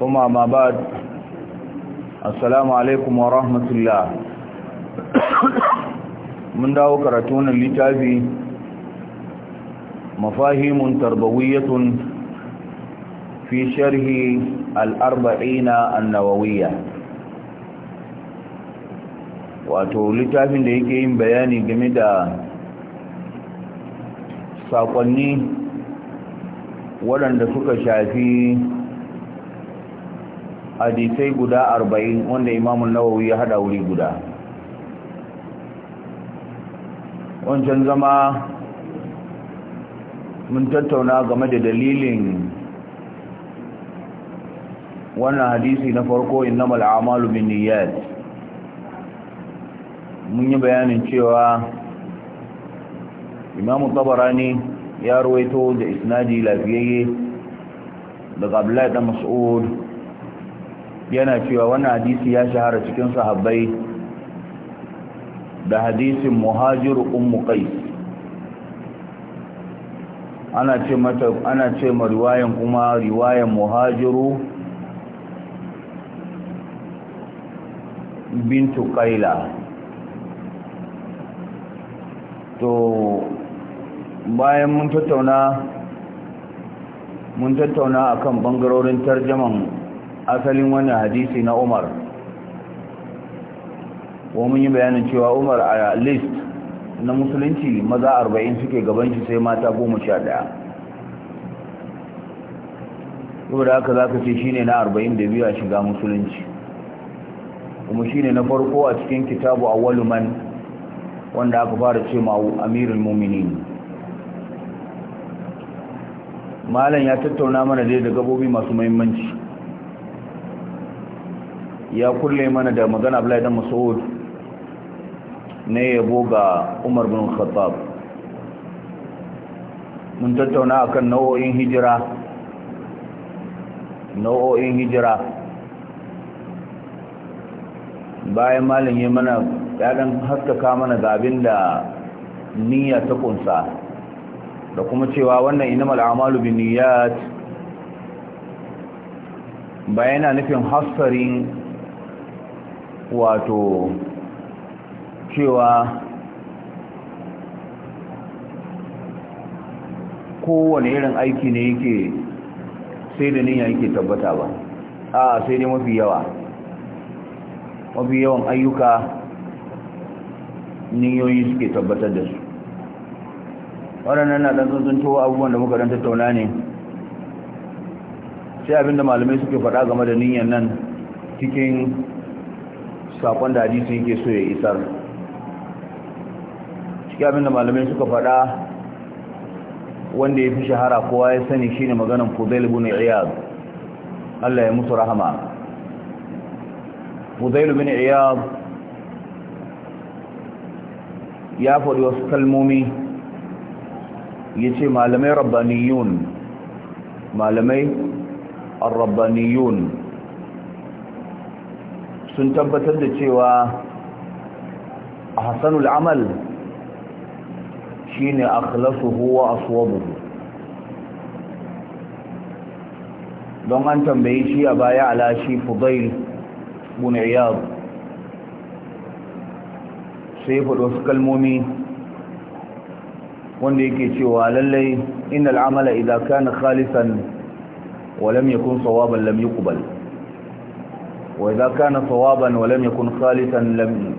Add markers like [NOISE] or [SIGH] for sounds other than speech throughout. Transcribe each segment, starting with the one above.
ثم ما بعد السلام عليكم ورحمة الله من داو كراتون اللتابي مفاهيم تربوية في شرح الأربعين النووية wato littafin da yake yin bayani game da sakonni waɗanda suka shafi hadisai guda arba'in wanda imamun nawawi ya hada wuri guda wancan zama mun tattauna game da dalilin wannan hadisi na farko innamal a'malu niyyar mun yi bayanin cewa imamu tabarani ya ruwaito da isnadi lafiyayye daga abdullahi dan mas'ud yana cewa wannan hadisi ya shahara cikin sahabbai da hadisin muhajir ummu qais ana ce mata ana ce ma riwayan kuma riwayan muhajiru bintu qaila to bayan mun tattauna mun tattauna akan bangarorin tarjaman asalin wannan hadisi na umar wani yi bayanin cewa umar a list na musulunci maza arba'in suke gaban shi sai mata goma sha ɗaya. yau da haka za ka ce ne na arba'in da biyu a shiga musulunci kuma shi ne na farko a cikin kitabu a waluman wanda aka fara ce ma amirin mummini malam ya tattauna mana dai da gabobi masu mahimmanci ya kulle mana da magana abu laidan Mas'ud ne yabo ga Umar bin Khattab mun tattauna a kan nau'o'in hijira nau'o'in hijira bayan malin yi mana ya dan haskaka mana ga da niyya ta kunsa da kuma cewa wannan inama al'amalu bin niyyat bayana nufin hasarin wato cewa kowane irin aiki ne yake sai da niyya yake tabbata ba a sai dai mafi yawa mafi yawan ayyuka niyoyi suke tabbatar da su waɗannan na ɗan tsuntsun towa abubuwan da muka ɗan tattauna ne sai abinda malamai suke faɗa game da niyan nan cikin sakon da hadisi yake so ya isar cikin abinda malamai suka faɗa wanda ya fi shahara kowa ya sani shine maganan fudail bin iyad Allah ya musu rahama bin iyad ya faɗi wasu kalmomi ya ce malamai rabbaniyun malamai sun tabbatar da cewa Hassanul amal shine akhlasuhu wa aswabuhu don an tambayi shi a baya ala shi fudail bin sai faɗo su kalmomi wanda yake cewa lallai innal amala idan kana khalisan wa lam yakun sawaban lam yuqbal وإذا كان صوابا ولم يكن خالصا لم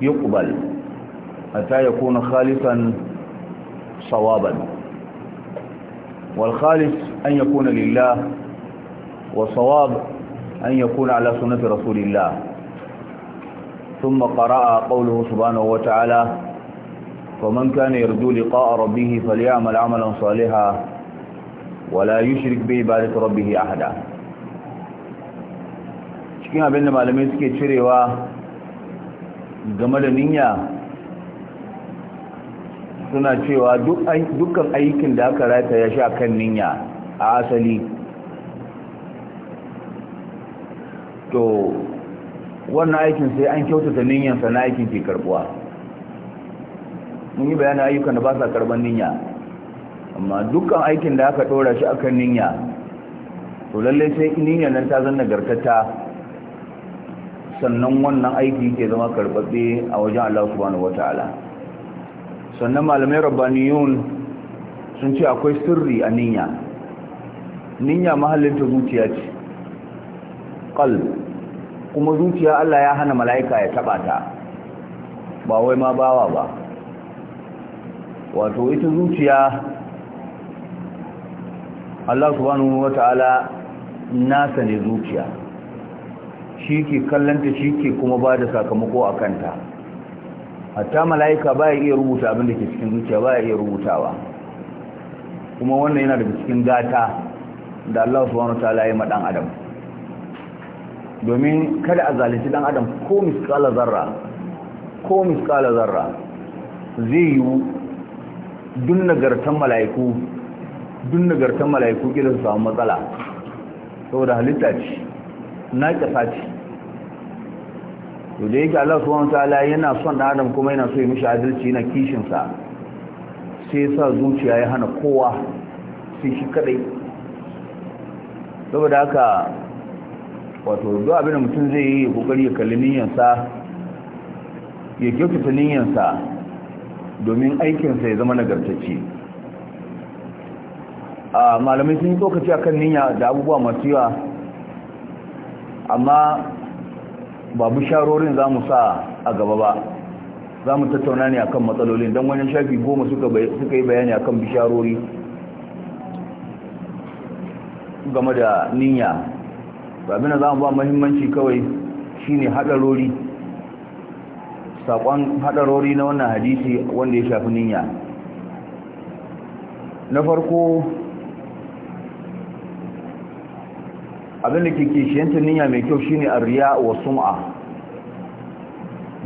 يقبل حتى يكون خالصا صوابا والخالص أن يكون لله والصواب أن يكون على سنة رسول الله ثم قرأ قوله سبحانه وتعالى فمن كان يرجو لقاء ربه فليعمل عملا صالحا ولا يشرك بعبادة ربه أحدا cikin abin da malamai suke cirewa game da niyya suna cewa dukkan aikin da aka rata ya sha kan niyya a asali to wannan aikin sai an kyautata niyyansa na aikin ke karbuwa mun yi bayanin ayyukan da ba sa karban niyya amma dukkan aikin da aka dora shi akan niyya to lallai sai niyyar nan ta zanna garkata sannan wannan aiki ke zama karɓaɓɓe a wajen Allah subhanahu wata'ala sannan malamai rabbaniyun sun ce akwai sirri a niyya niyya ta zuciya ce ƙal kuma zuciya Allah ya hana mala'ika ya taɓa ta ba wai ma bawa ba wato ita zuciya Allah subhanahu wata'ala nasa ne zuciya shi ke kallanta shi ke kuma ba da sakamako a kanta hatta mala'ika ba ya iya rubuta abin da ke cikin zuciya ba ya iya rubutawa kuma wannan yana daga cikin gata da Allah subhanahu ta'ala ya madan adam domin kada a zalunci dan adam ko misqala zarra ko misqala zarra zai yi dun nagartan mala'iku dun nagartan mala'iku kila su samu matsala saboda halitta ce na kasa ce to da yake Allah subhanahu wataala yana son dan adam kuma yana so ya mishi adalci na kishin sa sai sa zuciya ya hana kowa sai shi kadai saboda haka wato duk abin da mutum zai yi kokari ya kalli sa ya kyautata sa domin aikin sa ya zama nagartacce malamai sun yi tsokaci akan niyya da abubuwa masu yawa amma ba bisharorin za mu sa a gaba ba za mu tattauna ne akan matsalolin don wani shafi goma suka yi bayani akan bisharori game da niyya babina za mu ba mahimmanci kawai shine hadarori sakon hadarori na wannan hadisi wanda ya shafi niyya na farko abinda ke kishiyanta niyya mai kyau shine arriya wa sum'a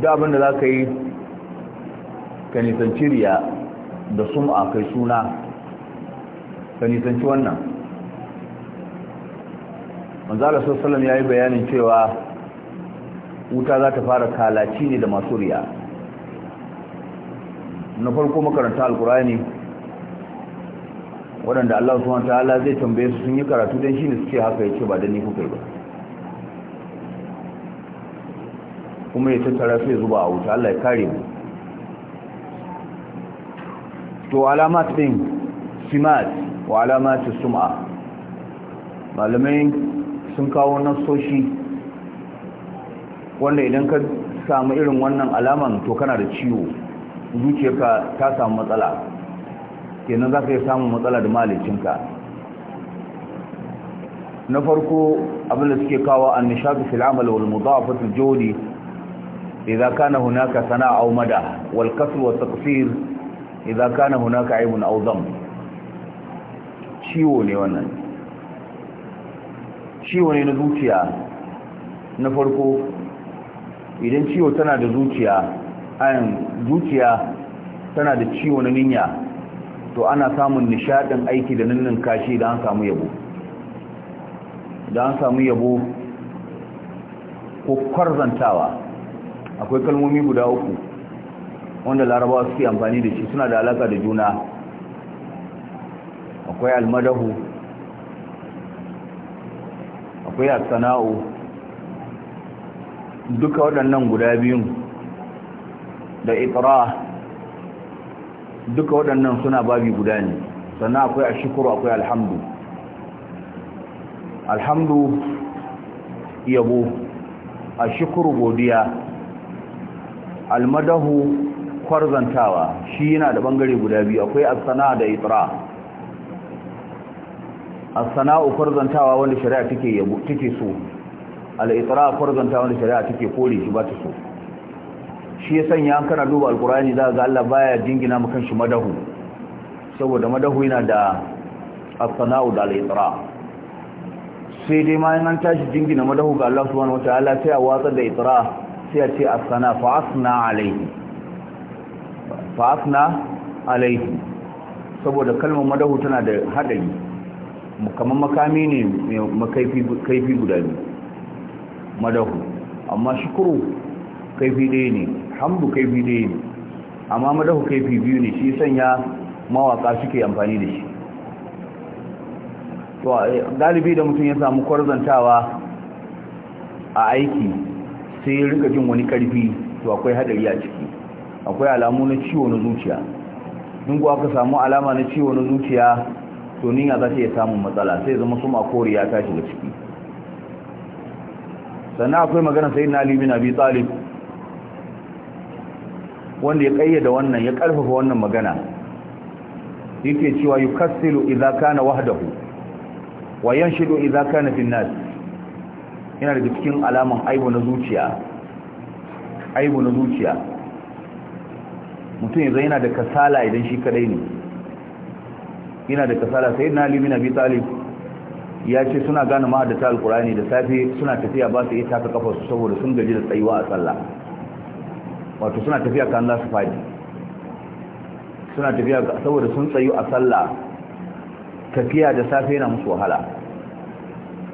da abinda za ka yi ka nisanci riya da sum'a kai suna ka nisanci wannan manzala sassalam ya yi bayanin cewa wuta za ta fara kalaci ne da masu riya na farko makaranta alkurani waɗanda Allah wata ta'ala zai tambaye su sun yi karatu shi shine suke haka yake ba da ni kuka yi ba kuma ya tattara sai zuba a wuta Allah ya kare mu to alamat din simat wa alamat sum'a malamai sun kawo nasoshi wanda idan ka samu irin wannan alaman to kana da ciwo zuciyarka ta samu matsala kenan za ka yi samun matsala da malicinka na farko abinda suke kawo an nishadu fil amal wal mudafat jodi jawdi idza kana hunaka sana'a aw mada wal kasr wa taqsir idza kana hunaka aibun aw dham ciwo ne wannan ciwo ne na zuciya na farko idan ciwo tana da zuciya ayan zuciya tana da ciwo na ninya to ana samun nishadin aiki da ninnin kashi da an samu yabo da an samu yabo ko kwarzantawa akwai kalmomi guda uku wanda larabawa suke amfani da shi suna da alaka da juna akwai almadahu akwai asana'u duka waɗannan guda biyun da itra duka waɗannan suna babi guda ne sannan akwai a shukuru akwai alhamdu alhamdu yabo a shukuru godiya almadahu kwarzantawa shi yana da bangare guda biyu akwai asana da itra asana'u kwarzantawa wanda shari'a take so al kwarzantawa wanda shari'a take kore shi ba ta so shi ya sanya an kana duba alkurani za a ga Allah baya jingina makan shi madahu saboda madahu yana da as-sana'u da al-itra sai dai ma yana tashi jingina madahu ga Allah subhanahu ta'ala sai a watsar da itra sai a ce as-sana fa asna alayhi fa asna alayhi saboda kalmar madahu tana da hadari kamar makami ne mai kaifi guda biyu madahu amma shukuru kaifi ɗaya ne hamdu kaifi ɗaya ne amma madahu kaifi biyu ne shi sanya mawaka suke amfani da shi to galibi da mutum ya samu kwarzantawa a aiki sai ya rika jin wani karfi to akwai hadari a ciki akwai alamu na ciwo na zuciya in kuwa aka samu alama na ciwo na zuciya to niya za ta iya samun matsala sai zama su makori ya tashi da ciki sannan akwai magana na alibi na biyu talib wanda ya kayyada wannan ya karfafa wannan magana yake cewa yukassilu idza kana wahdahu wa yanshidu idza kana fil nas yana da cikin alaman aibu na zuciya aibu na zuciya mutum yanzu yana da kasala idan shi kadai ne yana da kasala sai na limin abi talib ya ce suna gane ma'adata alkurani da safe suna tafiya ba su yi taka su saboda sun gaji da tsayuwa a sallah wato suna tafiya kan za su fadi suna tafiya saboda sun tsayu a sallah tafiya da safe yana musu wahala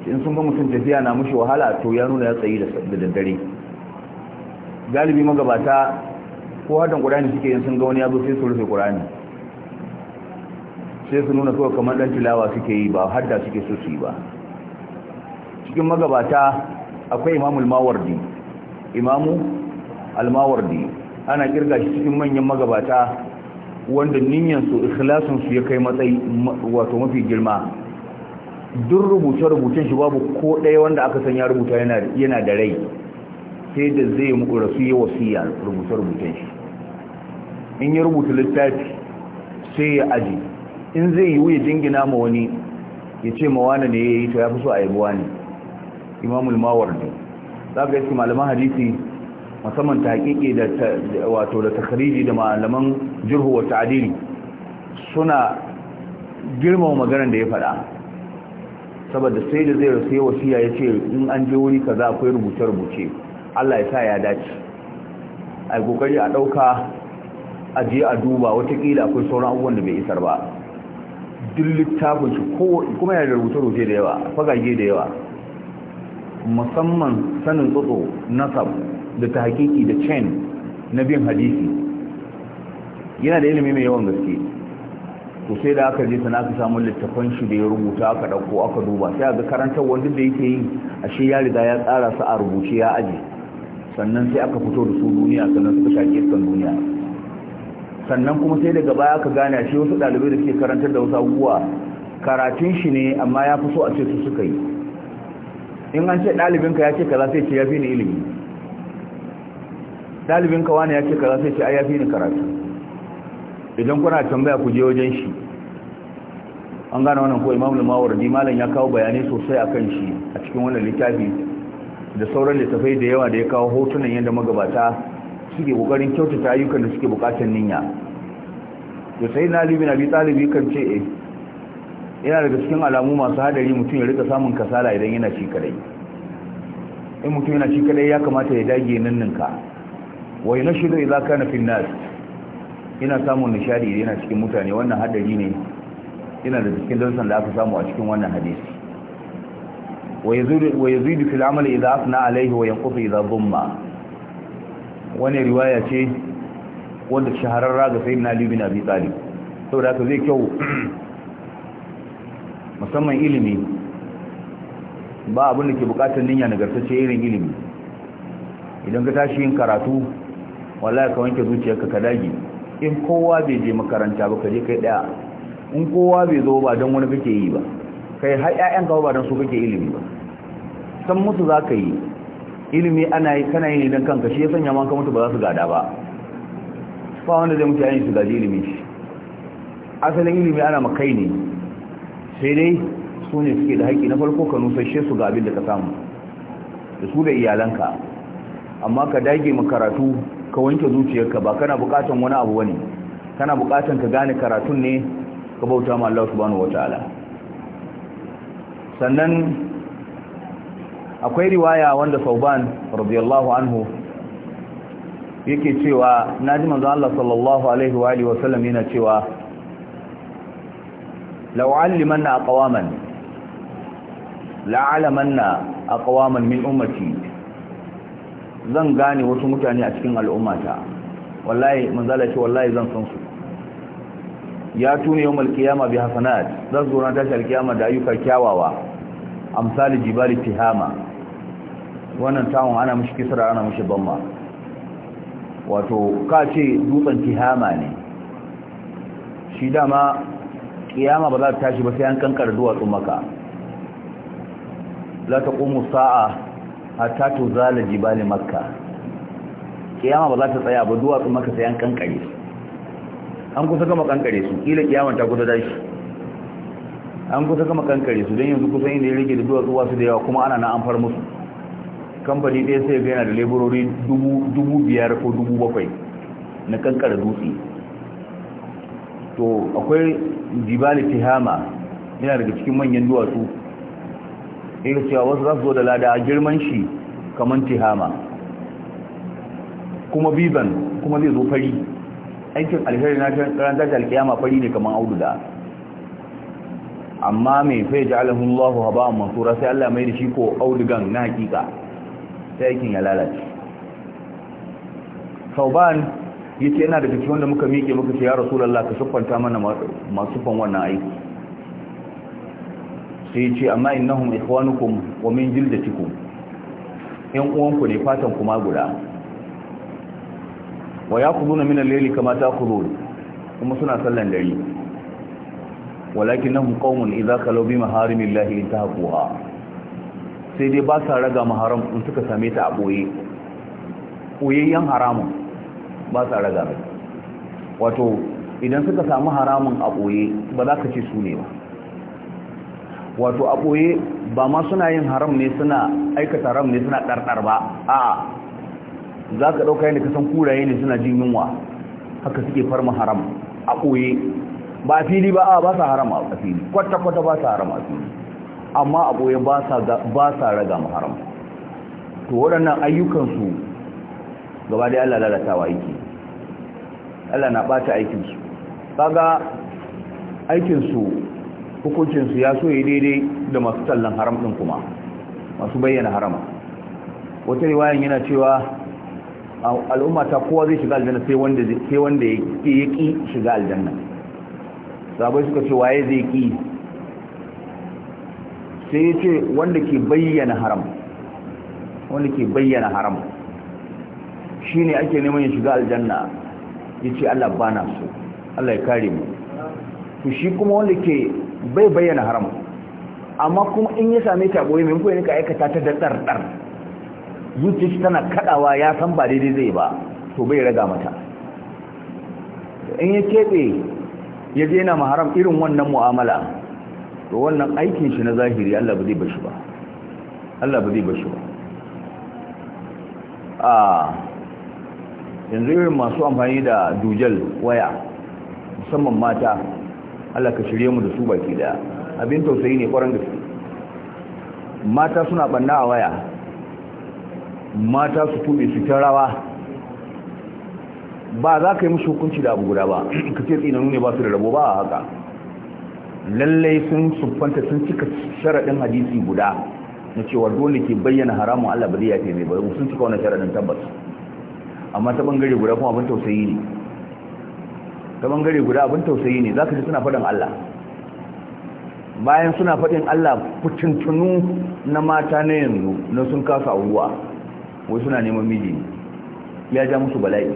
in sun ba mutum tafiya na mushi wahala to ya nuna ya tsayi da daddare galibi magabata ko hadan ƙurani suke yin sun ga wani yazo sai su rufe ƙurani sai su nuna kawai kamar ɗan tilawa suke yi ba hadda suke so su yi ba cikin magabata akwai imamul mawardi imamu almawardi ana kirga shi cikin manyan magabata wanda niyyarsu ikhlasinsu ya kai matsayi wato mafi girma duk rubuce-rubucen shi babu ko ɗaya wanda aka san ya rubuta yana da rai sai da zai muku rasu yi wasiya rubuce-rubucen shi in ya rubuta littafi sai ya aji in zai yi wuya jingina ma wani ya ce ma wani ne ya yi to ya fi so a yi buwa ne imamul mawar ne za ka yi malaman hadisi musamman ta tahqiqi da wato da takhriji da malaman jurhu wa ta'dili suna girmama maganar da ya faɗa saboda sai da zai rasu wasiya ya ce in an je wuri kaza akwai rubuce-rubuce Allah ya sa ya dace a kokari a ɗauka a je a duba watakila akwai sauran abubuwan da bai isar ba duk littafin shi kuma yana da rubuce-rubuce da yawa fagage da yawa musamman sanin tsotso nasab da ta hakiki da chain na bin hadisi yana da ilimi mai yawan gaske ku sai da aka je sana aka samu littafan shi da ya rubuta aka ɗauko aka duba sai ga karantar wanda da yake yi a shi ya riga ya tsara su a rubuce ya aji sannan sai aka fito da su duniya sannan suka shaƙe iskan duniya sannan kuma sai daga baya aka gane a shi wasu ɗalibai da suke karantar da wasu abubuwa karatun shi ne amma ya fi so a ce su suka yi in an ce ɗalibinka ya ce kaza sai ce ya fi ni ilimi dalibin ka wani ya ce kaza sai ce ai yafi ni karatu idan kuna tambaya ku je wajen shi an gane wannan ko imamu al-mawardi malam ya kawo bayanai sosai akan shi a cikin wannan littafi da sauran littafai da yawa da ya kawo hotunan yadda magabata suke kokarin kyautata ayyukan da suke bukatar niyya to sai na libin abi talibi kan ce eh yana daga cikin alamu masu hadari mutum ya rika samun kasala idan yana shi kadai in mutum yana shi kadai ya kamata ya dage nan ninka. wai na shi zai zaka na finnas ina samun nishadi idan ina cikin mutane wannan hadari ne ina da cikin darsan da aka samu a cikin wannan hadisi Wai wai yazidu fil amali idza afna alayhi wa yanqutu idza dhamma wani riwaya ce wanda shahararra ga sayyidina Ali bin Abi Talib saboda haka zai kyau [CLEARS THROAT] musamman ilimi ba abin da ke bukatar niyya nagartacce irin ilimi idan ka tashi yin karatu wallahi ka wanke zuciyarka ka dage in kowa bai je makaranta ba kaje kai daya in kowa bai zo ba don wani kake yi ba kai har ƴaƴan ka ba don su kake ilimi ba san mutu za ka yi ilimi ana yi kana yi don kanka shi ya sanya ma ka mutu ba za su gada ba ba wanda zai mutu ya yi su gaji ilimi shi asalin ilimi ana makai ne sai dai su ne suke da haƙƙi na farko ka nusashe su ga abin da ka samu da su da iyalanka amma ka dage makaratu karatu ka wanke zuciyarka ba kana bukatan wani abu wani kana bukatan ka gane karatun ne ka bauta ma Allah subhanahu wataala sannan akwai riwaya wanda Sauban radiyallahu anhu yake cewa naji manzo Allah sallallahu alaihi wa alihi wasallam yana cewa law allimanna aqwaman la'alamanna aqwaman min ummati zan gane wasu mutane a cikin al'ummata wallahi manzala ce wallahi zan san su ya tuni yau malkiyama bi hasanat zan zo na tashi alkiyama da ayyuka kyawawa amsali jibali tihama wannan tawon ana mishi kisra ana mishi bamma wato ka ce dutsen tihama ne shi dama kiyama ba za ta tashi ba sai an kankar duwatsu maka la taqumu sa'a hatta to zala jibali makka kiyama ba za ta tsaya ba duwatsu maka sai an kankare an kusa gama kankare su kila kiyama ta kusa dashi an kusa gama kankare su don yanzu kusan inda ya rike da duwatsu wasu da yawa kuma ana na amfar musu kamfani ɗaya sai ga yana da laborori dubu biyar ko dubu bakwai na kankare dutse to akwai jibali tihama yana daga cikin manyan duwatsu iya cewa wasu za su zo da lada girman shi kamar tihama kuma biban kuma zai zo fari aikin alheri na karanta da alkiyama fari ne kamar aududa amma mai fai ja'alahu Allahu a masura sai Allah mai da shi ko audugan na hakika sai aikin ya lalace sauban ce yana da cikin wanda muka miƙe muka ce ya rasu ka siffanta mana masu fan wannan aiki sai ce amma innahum ikhwanukum wa min jildatikum yan uwanku ne fatan kuma guda wa yakuluna min al-layli kama taqulun kuma suna sallan dare walakinnahum qaumun idza kalaw bi maharimillahi intahquha sai dai ba sa raga maharam in suka same ta a boye boyayyen haramun ba sa raga wato idan suka samu haramun a boye ba za ka ce su ne ba wato a ɓoye ba ma suna yin haram ne suna aikata haram ne suna ɗarɗar ba a za ka ɗauka yadda kasan kuraye ne suna jin yunwa haka suke farma haram a ɓoye ba fili ba a ba sa haram a fili kwata-kwata ba sa haram a fili amma a ɓoye ba sa raga mu haram to waɗannan ayyukansu gaba da Allah lalatawa yake Allah na ɓata aikinsu kaga aikinsu hukuncinsu ya so ya daidai da masu tallan haram ɗin kuma masu bayyana haram wata riwayan yana cewa al'umma ta kowa zai shiga aljanna sai wanda sai wanda ya ki shiga aljanna sabai suka ce waye zai ki sai ya ce wanda ke bayyana haram wanda ke bayyana haram shine ake neman ya shiga aljanna yace Allah bana so Allah ya kare mu to shi kuma wanda ke bai bayyana haram amma kuma in ya same ta boye mai koyi ka aikata ta da dardar. yuti shi tana kadawa ya san ba daidai zai ba to bai raga mata in ya keɓe ya je yana haram irin wannan mu'amala to wannan aikin shi na zahiri Allah ba zai bashi ba Allah ba zai bashi ba a yanzu irin masu amfani da dujal waya musamman mata Allah ka shirye mu da su baki da abin tausayi ne kwaran gaske mata suna banna a waya mata su tube su ta rawa ba za ka yi musu hukunci da abu guda ba [CLEARS THROAT] ka ce tsinanu ne ba su da rabo ba a haka lallai sun sufanta sun cika sharaɗin hadisi guda na cewa dole ke bayyana haramun Allah ba zai yafe mai ba sun cika wani sharaɗin tabbas amma ta bangare guda kuma abin tausayi ne ta bangare guda abin tausayi ne za ka ji suna faɗin Allah bayan suna faɗin Allah fitintunu na mata na yanzu na sun kasa ruwa wai suna neman miji ne. ya ja musu bala'i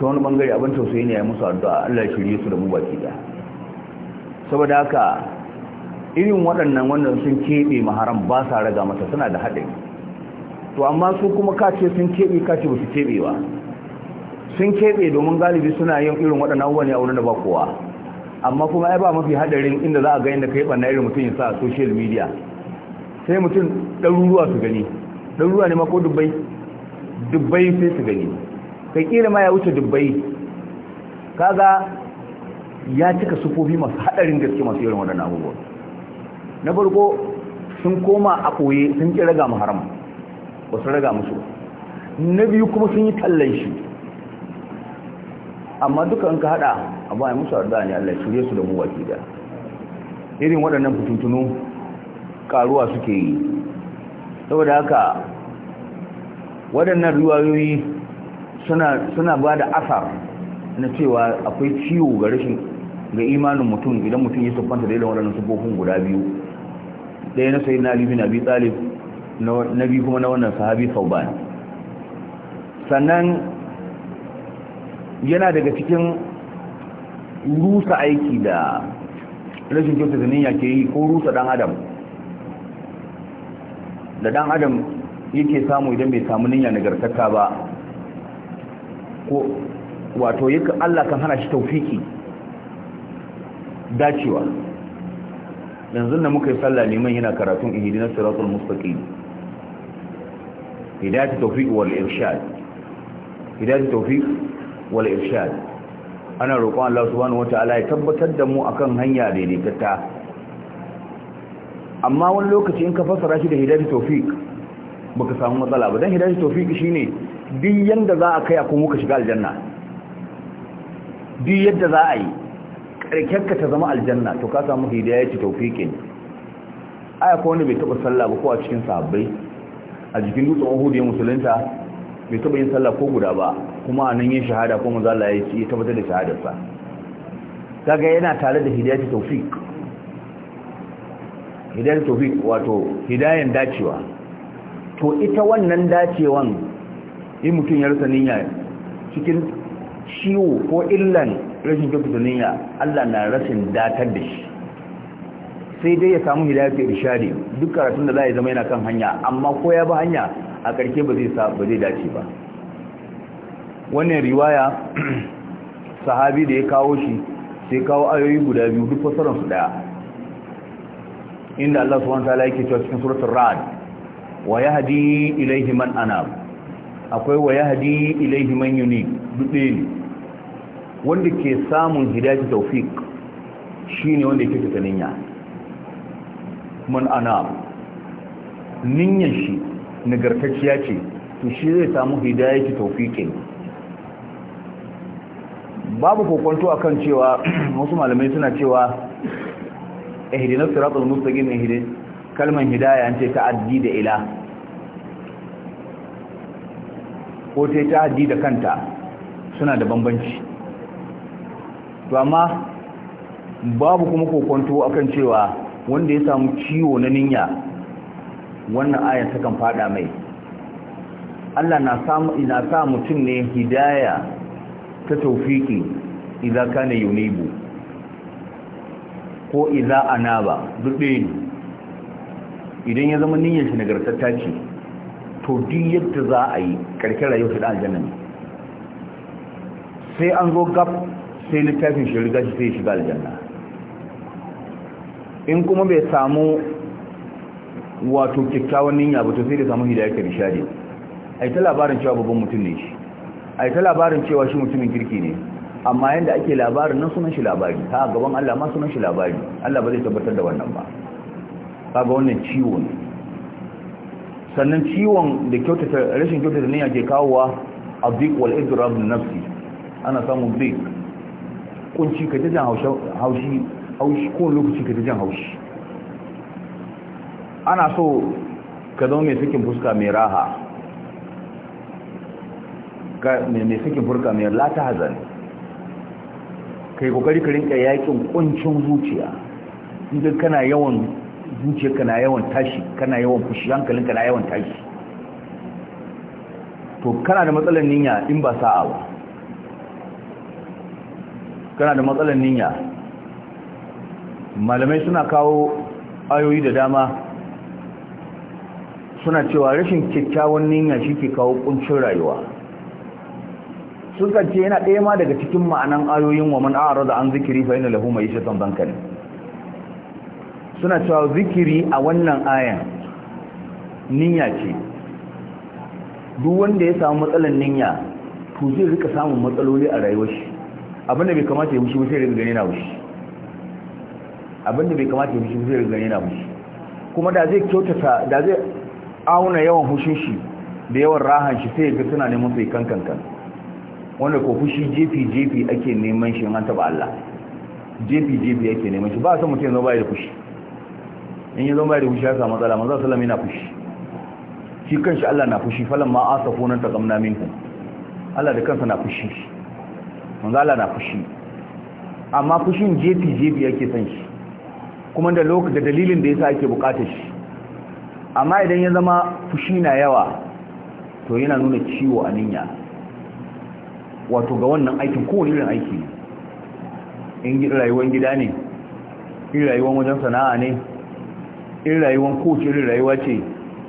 ta wani bangare abin tausayi ne ya musu addu'a Allah ya shirye su da mu baki da saboda haka irin waɗannan wannan sun keɓe maharam ba sa raga mata suna da haɗari to amma su kuma kace sun keɓe kace ba su keɓe ba sun keɓe domin galibi suna yin irin waɗannan abubuwa ne a wurin da ba kowa amma kuma ai ba mafi haɗarin inda za a ga inda kai ɓanna irin mutum ya sa a social media sai mutum ɗaruruwa su gani ɗaruruwa ne ma ko dubbai dubbai sai su gani kai ƙira ma ya wuce dubbai kaga ya cika sufofi masu haɗarin gaske masu irin waɗannan abubuwa na farko sun koma a ɓoye sun ƙi raga mu haram ba su raga musu na biyu kuma sun yi tallan shi amma duka in ka hada abu ai musu addu'a ne Allah shirye su da mu waki da irin waɗannan fitintunu karuwa suke yi saboda haka waɗannan riwayoyi suna ba da asar na cewa akwai ciwo ga rashin ga imanin mutum idan mutum ya siffanta da irin waɗannan sufofin guda biyu ɗaya na sayi na alibi na bi talib na biyu kuma na wannan sahabi sauban sannan yana daga cikin rusa aiki da rashin kyauta zaniya ke yi ko rusa dan adam da dan adam yake samu idan bai samu niyya nagartaka ba ko wato yake Allah kan hana shi taufiki dacewa yanzu da muka yi sallah liman yana karatun ihdinas siratal mustaqim hidayat tawfiq wal irshad hidayat tawfiq wal irshad ana roƙon Allah subhanahu wataala ya tabbatar da mu akan hanya daidaitatta amma wani lokaci in ka fassara shi da hidayat tawfiq baka samu matsala ba dan hidayat tawfiq shine duk yanda za a kai a kuma ka shiga aljanna duk yadda za a yi karkenka ta zama aljanna to ka samu hidayat tawfiqin aya ko wani bai taba sallah ba ko a cikin sahabbai a jikin dutsen Uhud ya musulunta bai taba yin sallah ko guda ba kuma a nan yin shahada ko maza Allah ya ce tabbatar da shahadarsa kaga yana tare da hidayatu Tawfik hidayatu wato hidayan dacewa to ita wannan dacewan in mutum ya rasa niyya cikin ciwo ko illan rashin kyautata niyya Allah na rashin datar da shi sai dai ya samu hidayatu irshadi duk karatun da za ya zama yana kan hanya amma ko ya bi hanya a ƙarshe ba zai ba zai dace ba wannan riwaya [CLEARS THROAT] sahabi da ya kawo shi sai kawo ayoyi guda biyu duk fasaran su daya inda Allah subhanahu wataala yake cewa cikin suratul ra'd wa yahdi ilayhi man anab akwai wa yahdi ilayhi man yuni duk ne wanda ke samun hidayatu tawfik shine wanda yake tsananya man anab ninyan shi nagartacciya ce to shi zai samu ki tawfiqin babu kokonto akan cewa [CLEARS THROAT] wasu malamai suna cewa ihdinas siratal mustaqim ihdin kalman hidaya an ce ta addi da ila ko ta addi da kanta suna da bambanci to amma babu kuma kokonto akan cewa wanda ya samu ciwo na ninya wannan aya takan fada mai Allah na samu ina sa mutum ne hidaya ta tawfiki idan kana yunibu ko idza anaba duk idan ya zama niyyar shi nagartatta ce to duk yadda za a yi karkar rayuwar shi da aljanna ne sai an zo gab sai littafin shi riga shi sai shiga aljanna in kuma bai samu wato kyakkyawan ninya ba to sai da samu hidayar ka nishadi ai ta labarin cewa babban mutum ne shi ai ta labarin cewa shi mutumin kirki ne amma yanda ake labarin nan sunan shi labari ta gaban Allah ma sunan shi labari Allah ba zai tabbatar da wannan ba ga wannan ciwo ne sannan ciwon da kyautata rashin kyautata niyya ke kawowa abdiq wal idrab nafsi ana samu dik kunci ka ta jan haushi haushi ko lokaci ka ta jan haushi ana so ka zama mai sukin fuska mai raha mai sukin furka mai lata hazan yi kokari ka rinka yakin kuncin zuciya idan kana yawan zuciya kana yawan tashi kana yawan fushi hankalin kana yawan tashi to kana da matsalar niyya in ba sa'a ba kana da matsalar niyya malamai suna kawo ayoyi da dama suna cewa rashin kyakkyawan niyya shi ke kawo kuncin rayuwa sun kance yana ɗaya ma daga cikin ma'anan ayoyin wa man a'rada an zikiri fa inna lahu ma'ishatan bankan suna cewa zikiri a wannan ayan niyya ce duk wanda ya samu matsalan niyya to zai rika samun matsaloli a rayuwar shi abinda bai kamata ya mushi ba sai rika gani na mushi abinda bai kamata ya mushi ba sai rika gani na mushi kuma da zai kyautata da zai auna yawan hushin shi da yawan rahan shi sai ga suna neman sai kankankan wanda ko fushi jefi jefi ake neman shi an taba Allah jefi jefi ake neman shi ba san mutum zo bai da fushi in yi zo bai da fushi ya samu matsala manzo sallama yana fushi shi kanshi Allah na fushi falan ma asafu nan ta gamna minkum Allah da kansa na fushi manzo Allah na fushi amma fushin jefi jefi ake san shi kuma da lokacin da dalilin da yasa ake bukatar shi amma idan ya zama fushi na yawa to yana nuna ciwo a ninya wato ga wannan aikin kowane irin aiki in rayuwar gida ne in rayuwar wajen sana'a ne in rayuwar kowace irin rayuwa ce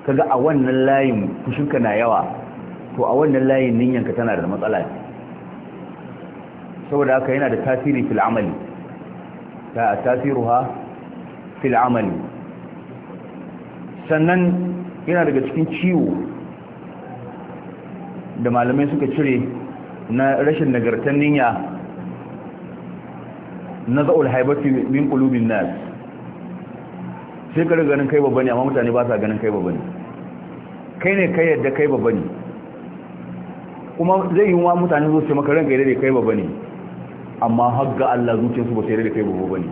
kaga a wannan layin fushinka na yawa to a wannan layin ninyanka tana da matsala saboda haka yana da tasiri fil amali ta tasiruha fil amali sannan yana daga cikin ciwo da malamai suka cire na rashin nagartar niyya na za'ul haibati min qulubin nas sai ka ganin kai babba ne amma mutane ba sa ganin kai babba ne kai ne kai yadda kai babba ne kuma zai yi wa mutane zo su maka ranka yadda kai babba ne amma har ga Allah zuciyarsu ba sai yadda kai babba ne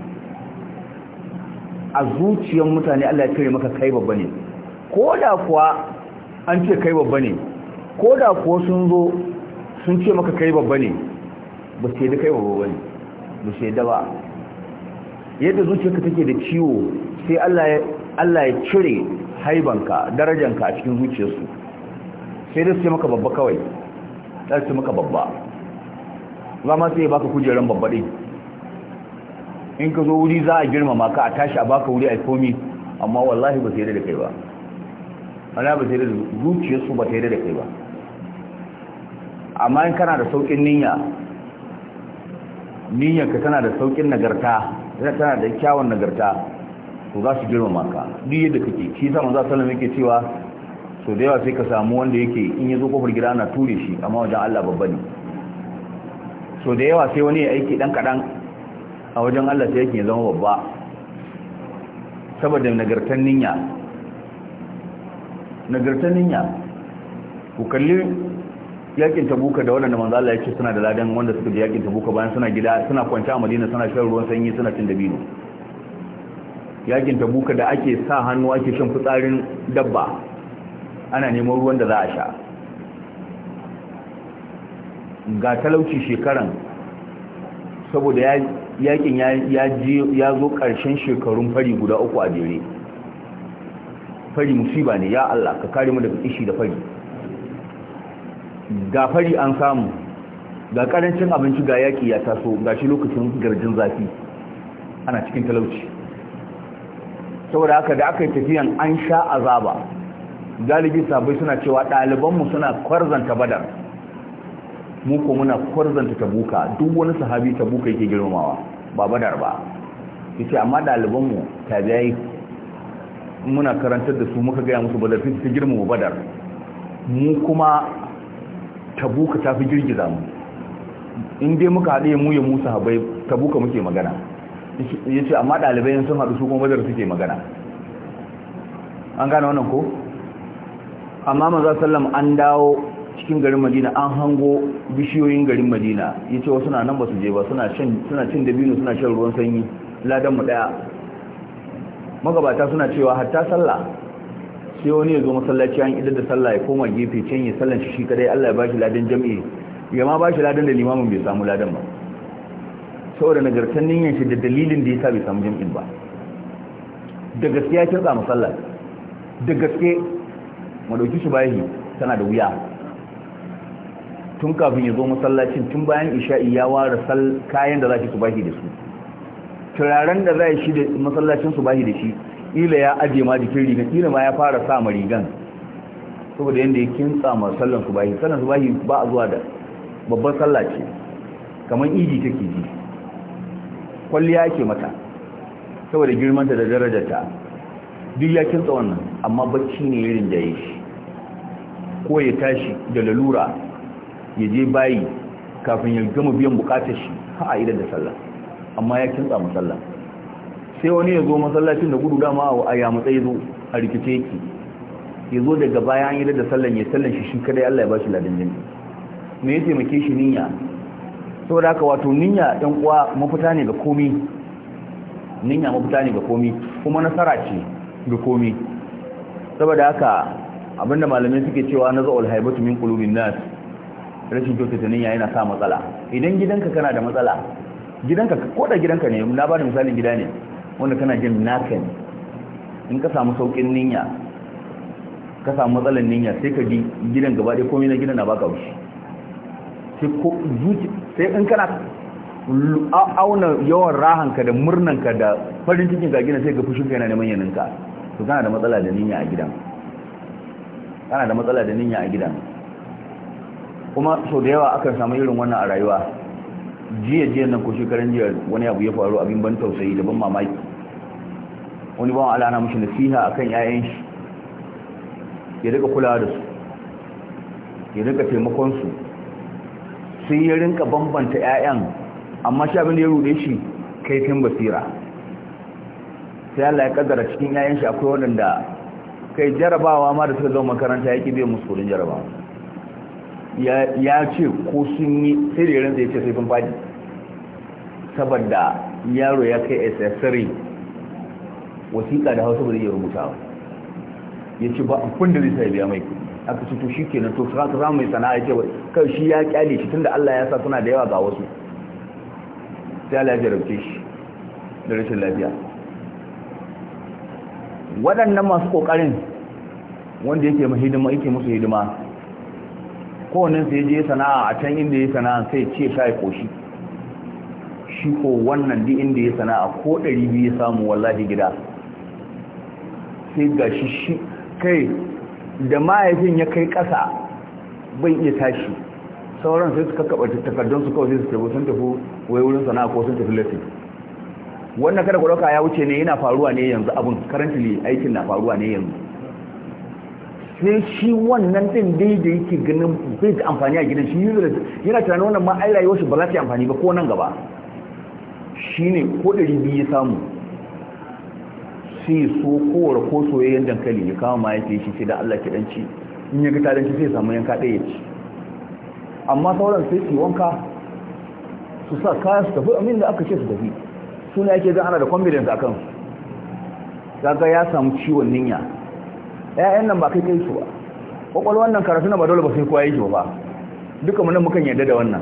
a zuciyar mutane Allah ya cire maka kai babba ne ko da kuwa an ce kai babba ne ko da kuwa sun zo sun ce maka kai babba ne ba su yadda kai babba ne ba su yadda ba yadda zuciyarka take da ciwo sai Allah ya cire haibanka darajanka a cikin zuciyarsu sai da su ce maka babba kawai za su ce maka babba ba ma sai ya baka kujeran babba ɗin in ka zo wuri za a girmama ka a tashi a baka wuri a komi amma wallahi ba sai da kai ba ana ba sai da zuciyarsu ba sai da kai ba amma in kana da saukin niyya niyyarka tana da saukin nagarta tana da kyawun nagarta to za su girmama ka duk yadda kake shi sa manzo sallallahu alaihi yake cewa so da yawa sai ka samu wanda yake in ya zo kofar gida ana ture shi amma wajen Allah babba ne so da yawa sai wani ya aiki dan kadan a wajen Allah sai yake zama babba saboda nagartan niyya nagartan niyya ku kalli yakin tabuka da waɗanda manzo Allah yake suna da ladan wanda suka je yakin tabuka bayan suna gida suna kwanta a Madina suna shan ruwan sanyi suna cin dabino yakin tabuka da ake sa hannu ake shan fitsarin dabba ana neman ruwan da za a sha ga talauci shekaran saboda ya yakin ya zo ƙarshen shekarun fari guda uku a jere fari musiba ne ya Allah ka kare mu daga ishi da fari ga fari an samu ga ƙarancin abinci ga yaki ya taso ga shi lokacin garjin zafi ana cikin talauci saboda haka da aka yi tafiyan an sha azaba galibi sabai suna cewa ɗalibanmu suna kwarzanta badar mu ko muna kwarzanta tabuka duk wani sahabi tabuka yake girmamawa ba badar ba yace amma dalibanmu mu tabi'ai muna karantar da su muka gaya musu badar fi su girmama badar mu kuma tabuka ta fi girgiza mu in dai muka haɗe mu ya musa habai tabuka muke magana yace amma ɗalibai sun haɗu su kuma badar suke magana an gane wannan ko amma maza sallam an dawo cikin garin madina an hango bishiyoyin garin madina ya ce wasu na nan ba su je ba suna cin dabino suna shan ruwan sanyi ladanmu daya magabata suna cewa hatta sallah sai wani ya zo masallaci an idar da sallah ya koma gefe can ya sallan shi kadai Allah ya ba shi ladan jami'i ya ma ba shi ladan da limamin bai samu ladan ba saboda nagartan niyan shi da dalilin da ya sa bai samu jami'in ba da gaskiya ya kirka masallah da gaske madauki shi bayi tana da wuya tun kafin ya zo masallacin tun bayan isha'i ya ware sal kayan da za shi bashi da su turaren da za shi da masallacin bashi da shi ila ya aje ma jikin riga ila ma ya fara sa ma rigan saboda yadda ya kintsa ma sallan bashi sallan bashi ba a zuwa da babban sallah ce kamar idi take ji kwalliya ke mata saboda girmanta da darajarta duk ya kintsa wannan amma bacci ne irin da ya shi ko ya tashi da lalura ya je bayi kafin ya gama biyan bukatar shi ha a idan da sallah amma ya kinsa sallah. sai wani ya zo masallacin da gudu dama a ya matsayi zo a rikice yake ya zo daga baya an yi da sallan ya sallan shi shi kadai Allah ya bashi ladan jini me ya taimake shi niyya saboda haka wato niyya dan uwa mafita ne ga komai niyya mafita ne ga komai kuma nasara ce ga komai saboda haka abinda malamai suke cewa naza'ul haibatu min qulubin nas rashin kyautata niyya yana sa matsala idan gidanka kana da matsala gidanka ko da gidanka ne na bada misalin gida ne wanda kana jin naka ne in ka samu saukin niyya ka samu matsalan niyya sai ka ji gidan gaba ɗaya komai na gidan na baka wuce sai ko zuci sai in kana auna yawan rahanka da murnanka da farin cikin ka gidan sai ka fushin kai na neman yaninka to kana da matsala da niyya a gidan kana da matsala da niyya a gidan kuma sau da yawa akan samu irin wannan a rayuwa jiya jiya nan ko shekaran jiya wani abu ya faru abin ban tausayi da ban mamaki wani ba Allah na mashi nasiha akan yayan shi ya rika kulawa da su ya rika taimakon su sai ya rinka bambanta yayan amma shi abin da ya rude shi kaifin basira sai Allah ya kaddara cikin yayan shi akwai waɗanda kai jarabawa ma da suka zo makaranta yake bai musu kudin jarabawa ya ce ko sun yi siririn da ya ce sai sun fadi saboda yaro ya kai accessory wasiƙa da hausa ba zai iya rubuta ya ce ba kun da zai sa biya mai aka ce to shi ke na to saka za mai sana'a ya ce kai shi ya kyale shi tun da Allah ya sa suna da yawa ga wasu sai Allah ya jarabce shi da rashin lafiya waɗannan masu ƙoƙarin wanda yake mahidima yake musu hidima kowannen sai je sana'a a can inda ya sana'a sai ce ta ya koshi shi ko wannan duk inda ya sana'a ko ɗari biyu ya samu wallahi gida sai ga shi shi kai da mahaifin ya kai ƙasa bai iya tashi sauran sai suka kaɓa takardun su kawai sai su tafi sun tafi wai wurin sana'a ko sun tafi lafi wannan kada ku ɗauka ya wuce ne yana faruwa ne yanzu abin currently aikin na faruwa ne yanzu sai shi wannan din dai da yake ganin bai da amfani a gidan shi yana tunanin wannan ma ai rayuwar ba za ta yi amfani ba ko nan gaba shine ko ɗari biyu ya samu sai so kowar ko soyayyen dankali ya kama ma ce shi sai da Allah ki danci in ya ga ta danci sai samu yanka ɗaya ci amma sauran sai su wanka su sa kaya su tafi amin da aka ce su tafi suna yake zan ana da confidence a su kaga ya samu ciwon ninya ƴaƴan nan ba kai kai su ba kokwal wannan karatu na ba dole ba sai kowa yi ba duka mu nan mukan yarda da wannan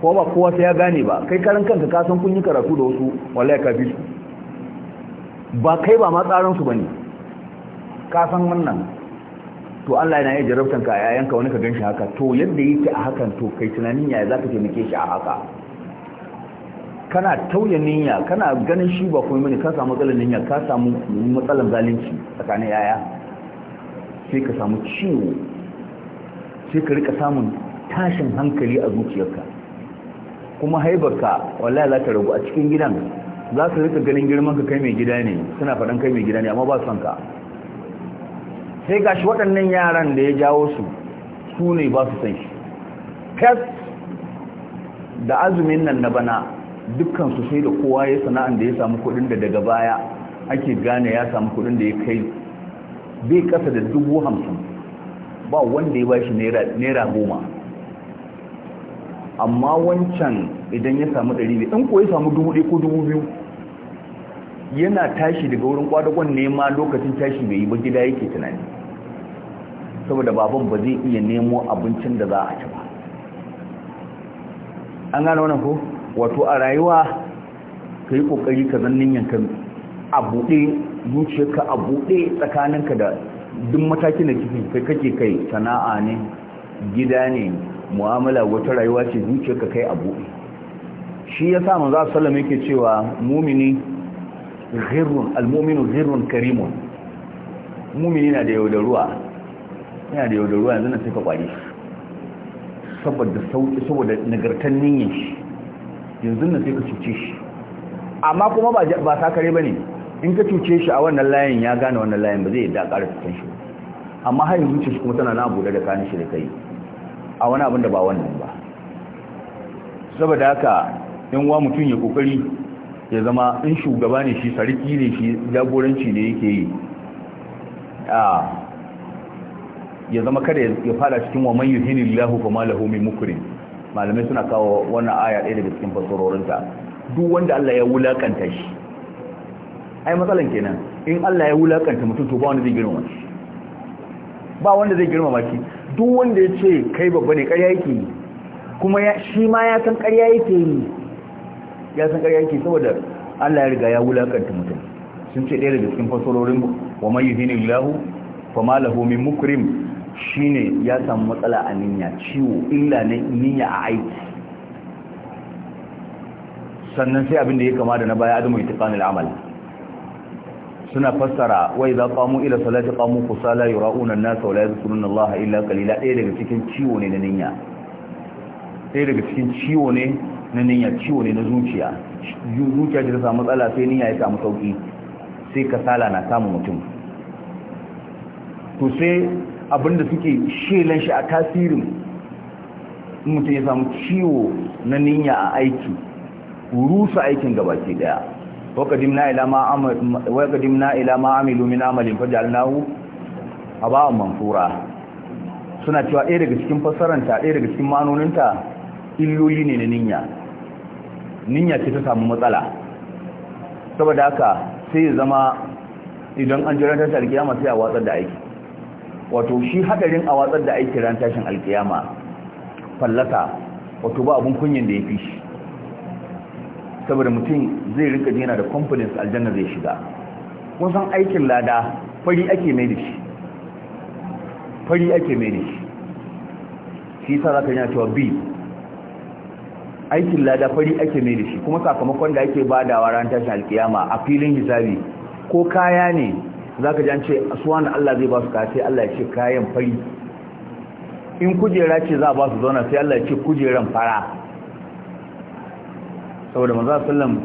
ko ba kowa sai ya gane ba kai karan kanka ka san kun yi karatu da wasu wallahi ka bi ba kai ba ma tsarin su bane ka san wannan to Allah yana iya jarabtan ka yayan ka wani ka ganshi haka to yadda yake a hakan to kai tunanin yaya zaka taimake shi a haka kana tauye niyya kana ganin shi ba komai ne ka samu matsalar niyya ka samu matsalar zalunci tsakanin yaya sai ka samu ciwo sai ka rika samun tashin hankali a zuciyarka kuma haibarka wallahi za ta ragu a cikin gidan za su rika ganin girman ka kai mai gida ne suna faɗan kai mai gida ne amma ba son ka sai gashi waɗannan yaran da ya jawo su su ne ba su san shi fes da azumin nan na bana dukkan su sai da kowa ya sana'an da ya samu kuɗin da daga baya ake gane ya samu kuɗin da ya kai bai kasa da dubu hamsin ba wanda ya bashi naira goma amma wancan idan ya samu ɗari ne ɗan ko samu dubu ɗaya ko dubu biyu yana tashi daga wurin kwadagon nema lokacin tashi bai yi ba gida yake tunani saboda baban ba zai iya nemo abincin da za a ci ba an gano wannan ko wato a rayuwa ka yi ƙoƙari ka zannin yankan a buɗe zuciyarka a buɗe tsakaninka da duk matakin da kike kai kake kai sana'a ne gida ne mu'amala wata rayuwa ce zuciyarka kai a buɗe shi ya sa manzo sallallahu yake cewa mumini ghirrun almu'minu ghirrun karimun mumini na da yaudaruwa yana da yaudaruwa yanzu na sai ka kwari saboda sauki saboda nagartan ninyin shi yanzu na sai ka cuce shi amma kuma ba sakare ba ne in ka cuce shi a wannan layin ya gane wannan layin ba zai yadda ƙara cikin shi amma har yanzu shi kuma tana na buɗe da kani shi da kai a wani abin da ba wannan ba saboda haka in wa mutum ya kokari ya zama in shugaba ne shi sarki ne shi jagoranci ne yake yi a ya zama kada ya fada cikin wa man yuhini lahu fa malahu min malamai suna kawo wannan aya ɗaya daga cikin fasarorinta duk wanda Allah ya wulakanta shi ai matsalan kenan in Allah ya wulakanta mutum to ba wanda zai girmama shi ba wanda zai girmama baki duk wanda ya ce kai babba ne ƙarya yake yi kuma shi ma ya san ƙarya yake yi ya san ƙarya yake saboda Allah ya riga ya wulakanta mutum sun ce ɗaya daga cikin fasarorin wa man yuhinu illahu fama lahu min mukrim shine ya samu matsala a niyya ciwo illa ne niyya a aiki sannan sai abin da ya kama da na baya adamu tafi amal suna fassara wai za kamo ila salati kamo kusala yura'una an-nasa wa la Allah illa qalila ɗaya daga cikin ciwo ne na niyya ɗaya daga cikin ciwo ne na niyya ciwo ne na zuciya zuciya ce ta samu matsala sai niyya ya samu sauki sai kasala na samu mutum to sai abinda suke shelan shi a tasirin mutum ya samu ciwo na niyya a aiki rusa aikin gabaki daya وقدمنا إلى ما ma وقدمنا إلى ما عملوا من عمل فجعلناه أباء منثورا suna cewa ɗaya daga cikin fassaranta ɗaya daga cikin manoninta illoli ne na ninya ninya ce ta samu matsala saboda haka sai ya zama idan an ji rantar alkiyama sai a watsar da aiki wato shi hadarin a watsar da aiki ran tashin alkiyama Fallaka wato ba abun kunyin da ya fi shi saboda mutum zai rinka jina da confidence aljanna zai shiga kun san aikin lada fari ake mai da shi fari ake mai da shi shi sa zaka yana cewa b aikin lada fari ake mai da shi kuma sakamakon da ake badawa ran tashin alkiyama a filin hisabi ko kaya ne zaka ka jan ce aswan Allah zai ba su kaya sai Allah ya ce kayan fari in kujera ce za a ba su zauna sai Allah ya ce kujeran fara saboda manzo sallam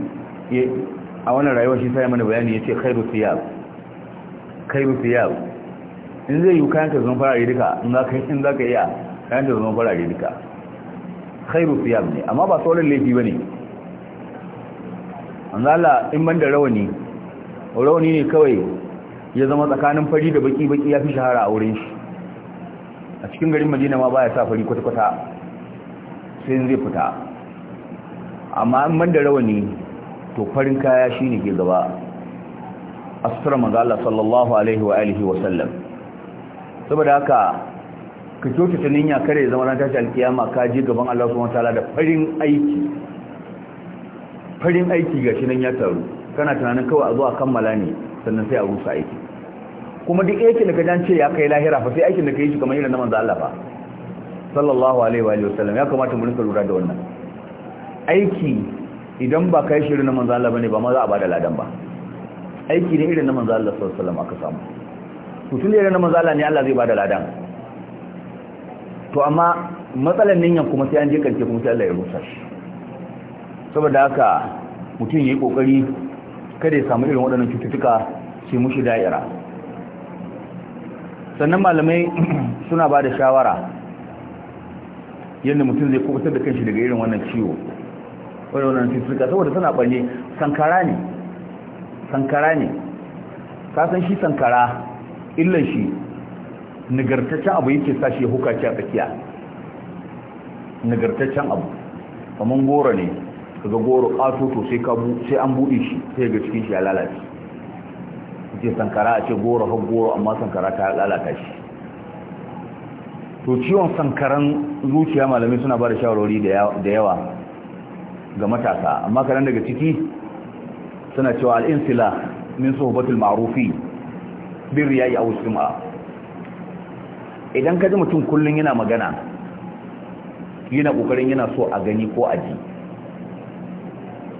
a wannan rayuwa shi sai mana bayani yace khairu thiyab khairu thiyab in zai yi kayan ka zama farare duka in za ka in za ka iya kayan ka zama farare duka khairu thiyab ne amma ba sauran laifi bane manzo Allah in ban da rawani rawani ne kawai ya zama tsakanin fari da baki baki ya fi shahara a wurin shi a cikin garin Madina ma baya sa fari kwata kwata sai zai fita amma an man da rawani to farin kaya shi ne ke gaba a manzo magala sallallahu alaihi wa alihi wa sallam saboda haka ka kyautata ninya kare zama ranta tashi alkiyama ka ji gaban Allah subhanahu tala da farin aiki farin aiki shi nan ya taru kana tunanin kawai a zuwa kammala ne sannan sai a rusa aiki kuma duk aikin da ka ce ya kai lahira fa sai aikin da ka yi shi kamar irin na manzo Allah fa sallallahu alaihi wa alihi ya kamata mu rinka lura da wannan aiki idan ba kai shirin na manzo Allah bane ba ma za a bada ladan ba aiki ne irin na manzo Allah sallallahu alaihi wasallam aka samu to tun irin na manzo Allah ne Allah zai bada ladan to amma matsalan ninyan kuma sai an je kance kuma sai Allah ya rusa shi saboda haka mutum yayi kokari kada ya samu irin waɗannan cututtuka sai mushi da'ira sannan malamai [CLEARS THROAT] suna bada shawara yadda mutum zai kubutar da kanshi daga irin wannan ciwo akwai wannan ka saboda tana balle sankara ne sankara ne ka san shi sankara illan shi nagartaccen abu yake sa shi ya huka ki a tsakiya nagartaccen abu kamar goro ne kaga goro ƙatoto sai ka bu sai an buɗe shi sai ga cikin shi ya lalace ce sankara a ce goro har goro amma sankara ta lalata shi to ciwon sankaran zuciya malamai suna ba da shawarwari da yawa ga matasa amma kanan daga ciki suna cewa al'insila min sohbatul ma'rufi bin riyayi a wusuma idan ka ji mutum kullum yana magana yana kokarin yana so a gani ko a ji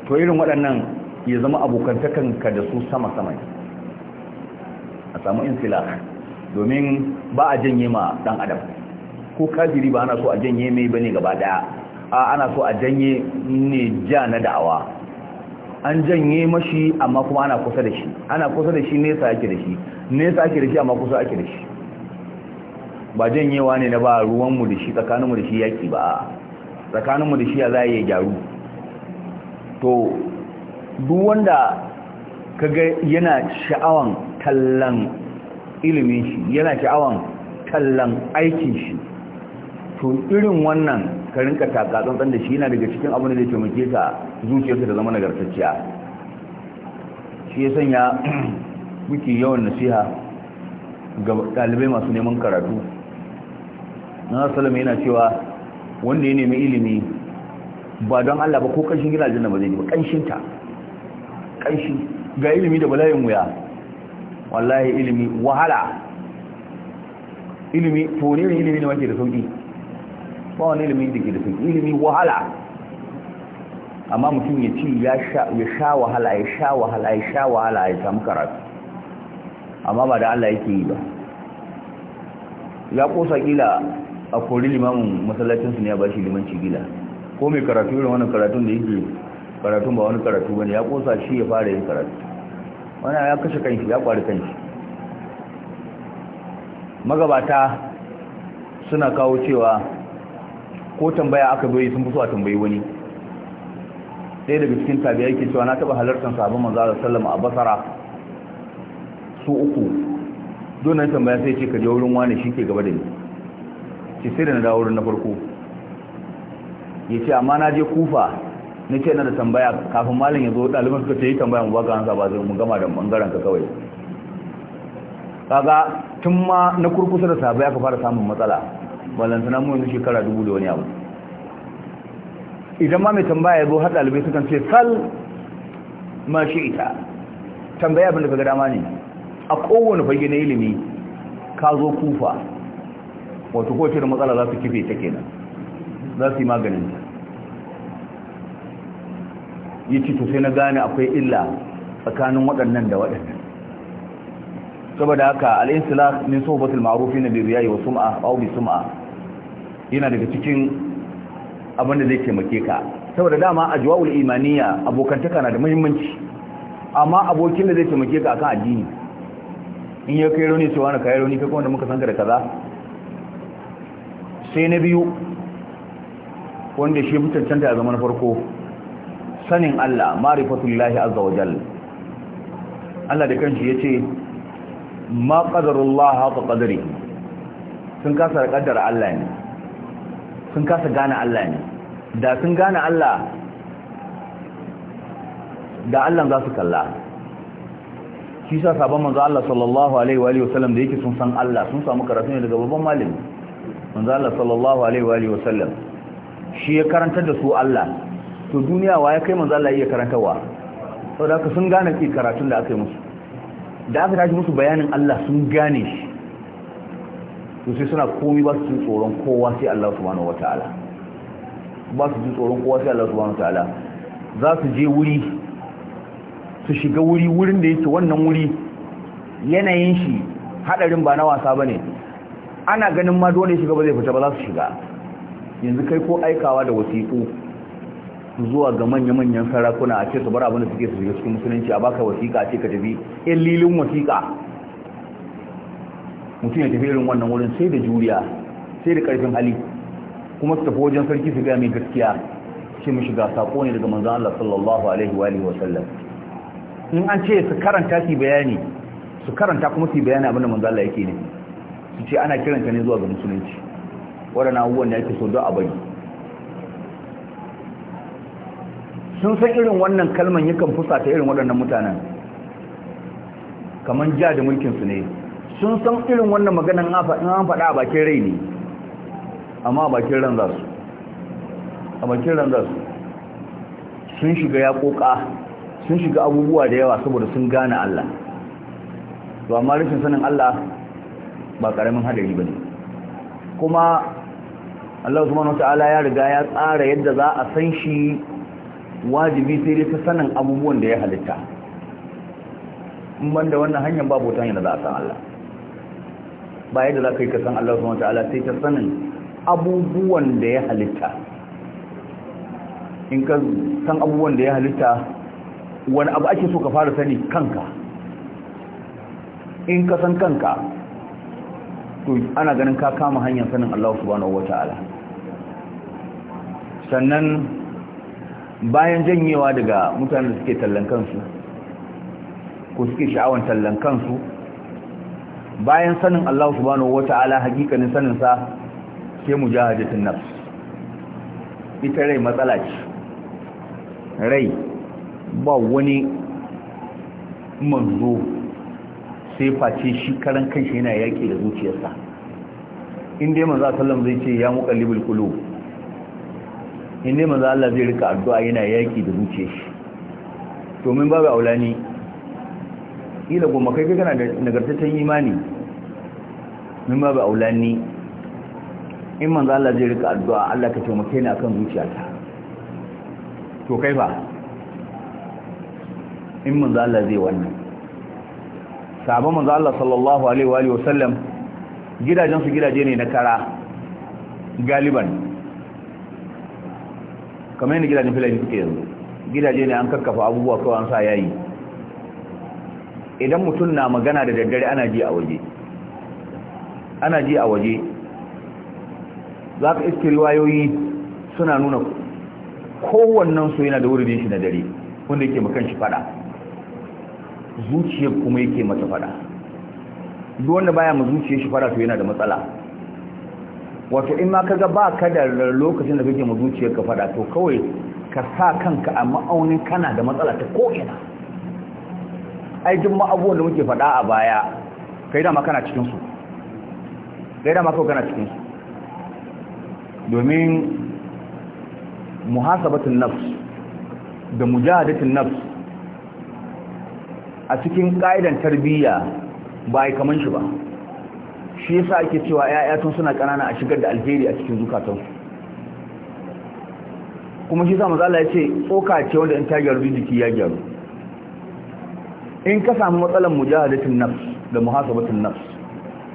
to irin waɗannan ya zama abokantakanka da su sama-sama a samu insila domin ba a janye ma ɗan adam ko kafiri ba ana so a janye mai bane gaba ɗaya a ana so a janye ne ja na da'awa an janye mashi amma kuma ana kusa da shi ana kusa da shi nesa ake da shi nesa ake da shi amma kusa ake da shi ba janyewa ne na ba ruwanmu da shi tsakaninmu da shi yaki ba tsakaninmu da shi ya za ya gyaru to duk wanda kaga yana sha'awan tallan ilimin shi yana sha'awan tallan aikin shi to irin wannan ka rinka taka tsantsan da shi yana daga cikin abin da zai taimake ka zuciyarka da zama nagartacciya shi ya sanya [CLEARS THROAT] muke yawan nasiha ga ɗalibai masu neman karatu na salama yana cewa wanda ya nemi ilimi ba don Allah ba ko kanshin gina da ba zai ba kanshin ta kanshi ga ilimi da balayin wuya wallahi ilimi wahala ilimi to ne ilimi ne wake da sauƙi wani ilimi da ke da sauki ilimi wahala amma mutum ya ci ya sha wahala ya sha wahala ya sha wahala ya samu karatu amma ba da Allah yake yi ba ya kosa gila a kori limamin masallacinsu ne ya ba shi limanci gila ko mai karatu yi wani karatun da yake karatun ba wani karatu bane ya kosa shi ya fara yin karatu wani ya kashe kanki, ya kwari kanki. magabata suna kawo cewa ko tambaya aka bai sun fi so a tambayi wani ɗaya daga cikin tabiya yake cewa na taɓa halartar sabon manzo da sallama a basara su uku don nan tambaya sai ce ka je wurin wani shi ke gaba da ni ce sai da na dawo na farko ya ce amma na je kufa na ce na da tambaya kafin malin ya zo ɗaliban suka ce yi tambaya mu baka hansa ba zai mu gama da bangaren ka kawai kaga tun ma na kurkusa da sabai aka fara samun matsala balantana mu yanzu shekara dubu da wani abu idan ma mai tambaya yabo har dalibai sukan ce sal ma shi ita tambaya abin da ka ga dama ne a kowane fage na ilimi ka zo kufa wato kowace da matsala za su kife ta kenan za su yi maganin ta yi ci sai na gane akwai illa tsakanin waɗannan da waɗannan saboda haka al'insulah min sohbatul ma'rufi na biyu yayi wa sum'a aw bi sum'a yana daga cikin abin da zai taimake ka saboda dama a ajwa'ul imaniya abokantaka na da muhimmanci amma abokin da zai taimake ka akan addini in ya kai rauni cewa na kai rauni kai kuma da muka san da kaza sai na biyu wanda shi fi ta a zaman farko sanin Allah marifatullahi azza wa jalla Allah da kanshi yace ma qadarullah haqa qadari sun kasa da kaddara Allah ne sun kasa gane Allah ne da sun gane Allah da Allah za su kalla shi sa sabon manzo Allah sallallahu alaihi wa sallam da yake sun san Allah sun samu karatu ne daga babban malami manzo Allah sallallahu alaihi wa sallam shi ya karantar da su Allah to duniya wa ya kai manzo Allah iya karantawa saboda haka sun gane ki karatun da aka yi musu da aka yi musu bayanin Allah sun gane shi to sai suna komi ba su jin tsoron kowa sai Allah subhanahu wataala ba su ji tsoron kowa sai Allah subhanahu wataala za su je wuri su shiga wuri wurin da yake wannan wuri yanayin shi hadarin ba na wasa bane ana ganin ma dole shiga ba zai fita ba za su shiga yanzu kai ko aikawa da wasiƙu zuwa ga manya-manyan sarakuna a ce su bar abin da suke su shiga cikin musulunci a baka wasiƙa ce ka tafi illilin wasiƙa mutum ya tafi irin wannan wurin sai da juriya sai da karfin hali kuma su tafi wajen sarki su gaya mai gaskiya ce mu shiga sako ne daga manzan Allah sallallahu alaihi wa wa sallam in an ce su karanta su bayani su karanta kuma su bayani abinda manzan Allah yake ne su ce ana kiranta ne zuwa ga musulunci waɗannan abubuwan da ake so don a bari sun san irin wannan kalman yakan fusata irin waɗannan mutanen kamar ja da mulkinsu ne sun san irin wannan maganan in an faɗa a bakin rai ne amma a bakin ran za su a bakin ran za su sun shiga ya koka sun shiga abubuwa da yawa saboda sun gane Allah to amma rashin sanin Allah ba karamin hadari ne, kuma Allah subhanahu wataala ya riga ya tsara yadda za a san shi wajibi sai dai ta sanin abubuwan da ya halitta in banda wannan hanyar babu wata hanyar da za a san Allah ba yadda za ka yi kasan Allah subhanahu sai ta sanin abubuwan da ya halitta in ka san abubuwan da ya halitta wani abu ake so ka fara sani kanka in ka san kanka to ana ganin ka kama hanyar sanin Allah subhanahu sannan bayan janyewa daga mutanen da suke tallan kansu ko suke sha'awan tallan kansu bayan sanin Allah subhanahu wata'ala hakikanin sanin sa ke mujahadatin nafs ita rai matsala ce rai ba wani manzo sai face shi karan kanshi yana yaki da zuciyarsa in dai manzo sallam zai ce ya muqallibul qulub in dai manzo Allah zai rika addu'a yana yaki da zuciyar shi to babu aulani kila goma kai gana da nagartaccen imani min ba aulani in manzo Allah zai rika addu'a Allah ka taimake ni akan zuciyata to kai fa in manzo Allah zai wannan sabon manzo Allah sallallahu alaihi wa alihi sallam gidajen su gidaje ne na kara galiban kamar yadda gidajen filayen suke yanzu gidaje ne an kakkafa abubuwa kawai an sa yayi idan mutum na magana da daddare ana ji a waje ana ji a waje za ka iske riwayoyi suna nuna kowannen su yana da wurin shi na dare wanda yake makan shi fada zuciyar kuma yake mata fada duk wanda baya ma zuciyar shi fada to yana da matsala wato in ma kaga ba ka da lokacin da kake ma zuciyar ka fada to kawai ka sa kanka a ma'aunin kana da matsala ta ko'ina ai duk abubuwan da muke faɗa a baya kai dama kana cikinsu kai dama kawai kana cikinsu domin muhasabatun nafs da mujahadatun nafs a cikin ƙa'idan tarbiyya ba a kaman shi ba shi yasa ake cewa ‘ya'ya tun suna ƙanana a shigar da aljeri a cikin zukatansu kuma shi sa mazala ya ce tsoka ce wanda in ta gyaru jiki ya gyaru in ka samu matsalar mujahadatin nan da muhasabatin nan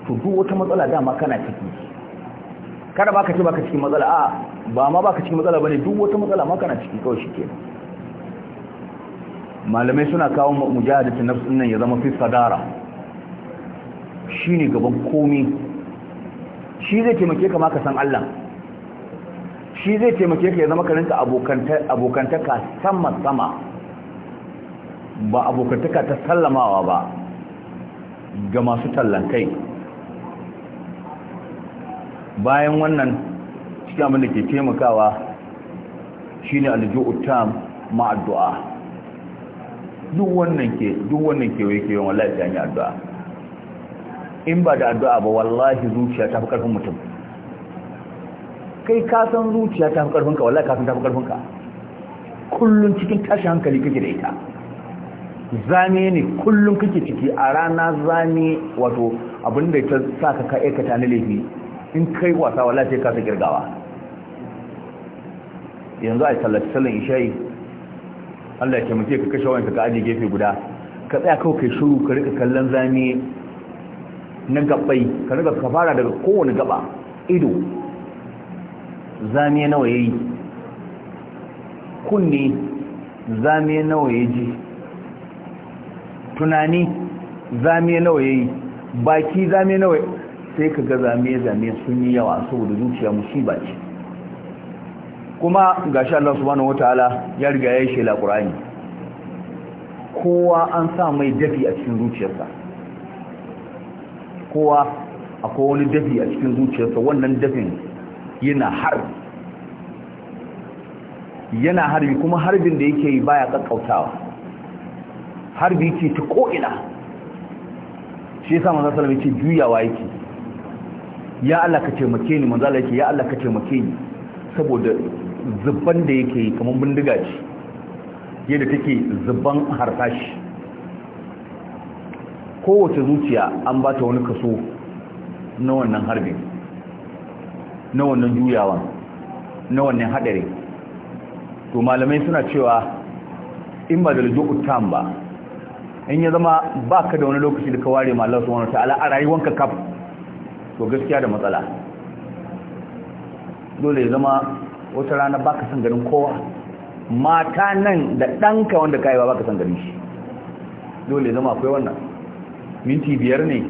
to duk wata matsala dama kana ciki kada baka ce baka cikin matsala a ba ma baka cikin matsala bane duk wata matsala ma kana ciki kawai shike malamai suna kawo mujahadatin nafs din nan ya zama fi sadara shine gaban komai shi zai taimake ka ma ka san Allah shi zai taimake ka ya zama ka rinka abokantaka sama sama ba abokantaka ta sallamawa ba ga masu tallan kai bayan wannan cikin abin da ke taimakawa shi ne tam ma addu'a duk wannan ke duk wannan ke wai ke wallahi sai yi addu'a in ba da addu'a ba wallahi zuciya ta fi karfin mutum kai ka san zuciya ta fi karfin ka wallahi ka san ta fi karfin ka kullun cikin tashin hankali kake da ita zane ne kullum kake ciki a rana zane wato abinda ta sa ka ka aikata na laifi in kai wasa wala ce kasa kirgawa girgawa yanzu a tallace tallan isha'i Allah ya taimake ka kashe wani ka ajiye gefe guda ka tsaya kawai kai shiru ka rika kallon zane na gabbai ka rika ka fara daga kowane gaba ido zane nawa ya yi kunne zane nawa ya ji tunani zame nawa ya yi? baki zame nawa sai ka ga zame zame sun yi yawa saboda zuciya musiba ce kuma ga sha Allah subhanahu ala ya riga ya yi shela laƙurani. kowa an sa mai dafi a cikin zuciyarsa kowa akwai wani dafi a cikin zuciyarsa wannan dafin yana harbi yana harbi kuma harbin da yake yi baya ƙaƙƙautawa. Har bi ce ta ko'ina shi yasa manzo sallallahu alaihi juyawa yake ya Allah ka taimake ni manzo Allah yake ya Allah ka taimake ni saboda zubban da yake kamar bindiga ce yadda take zubban harsashi kowace zuciya an ba ta wani kaso na wannan harbin na wannan juyawa, na wannan hadari to malamai suna cewa in ba da lujo utam ba in ya zama ba ka da wani lokaci da ka ware ma Allah wani Ta'ala a rayuwanka kaf to gaskiya da matsala dole ya zama wata rana ka san garin kowa mata nan da ɗanka wanda ka yi ba ka san garin shi dole ya zama akwai wannan minti biyar ne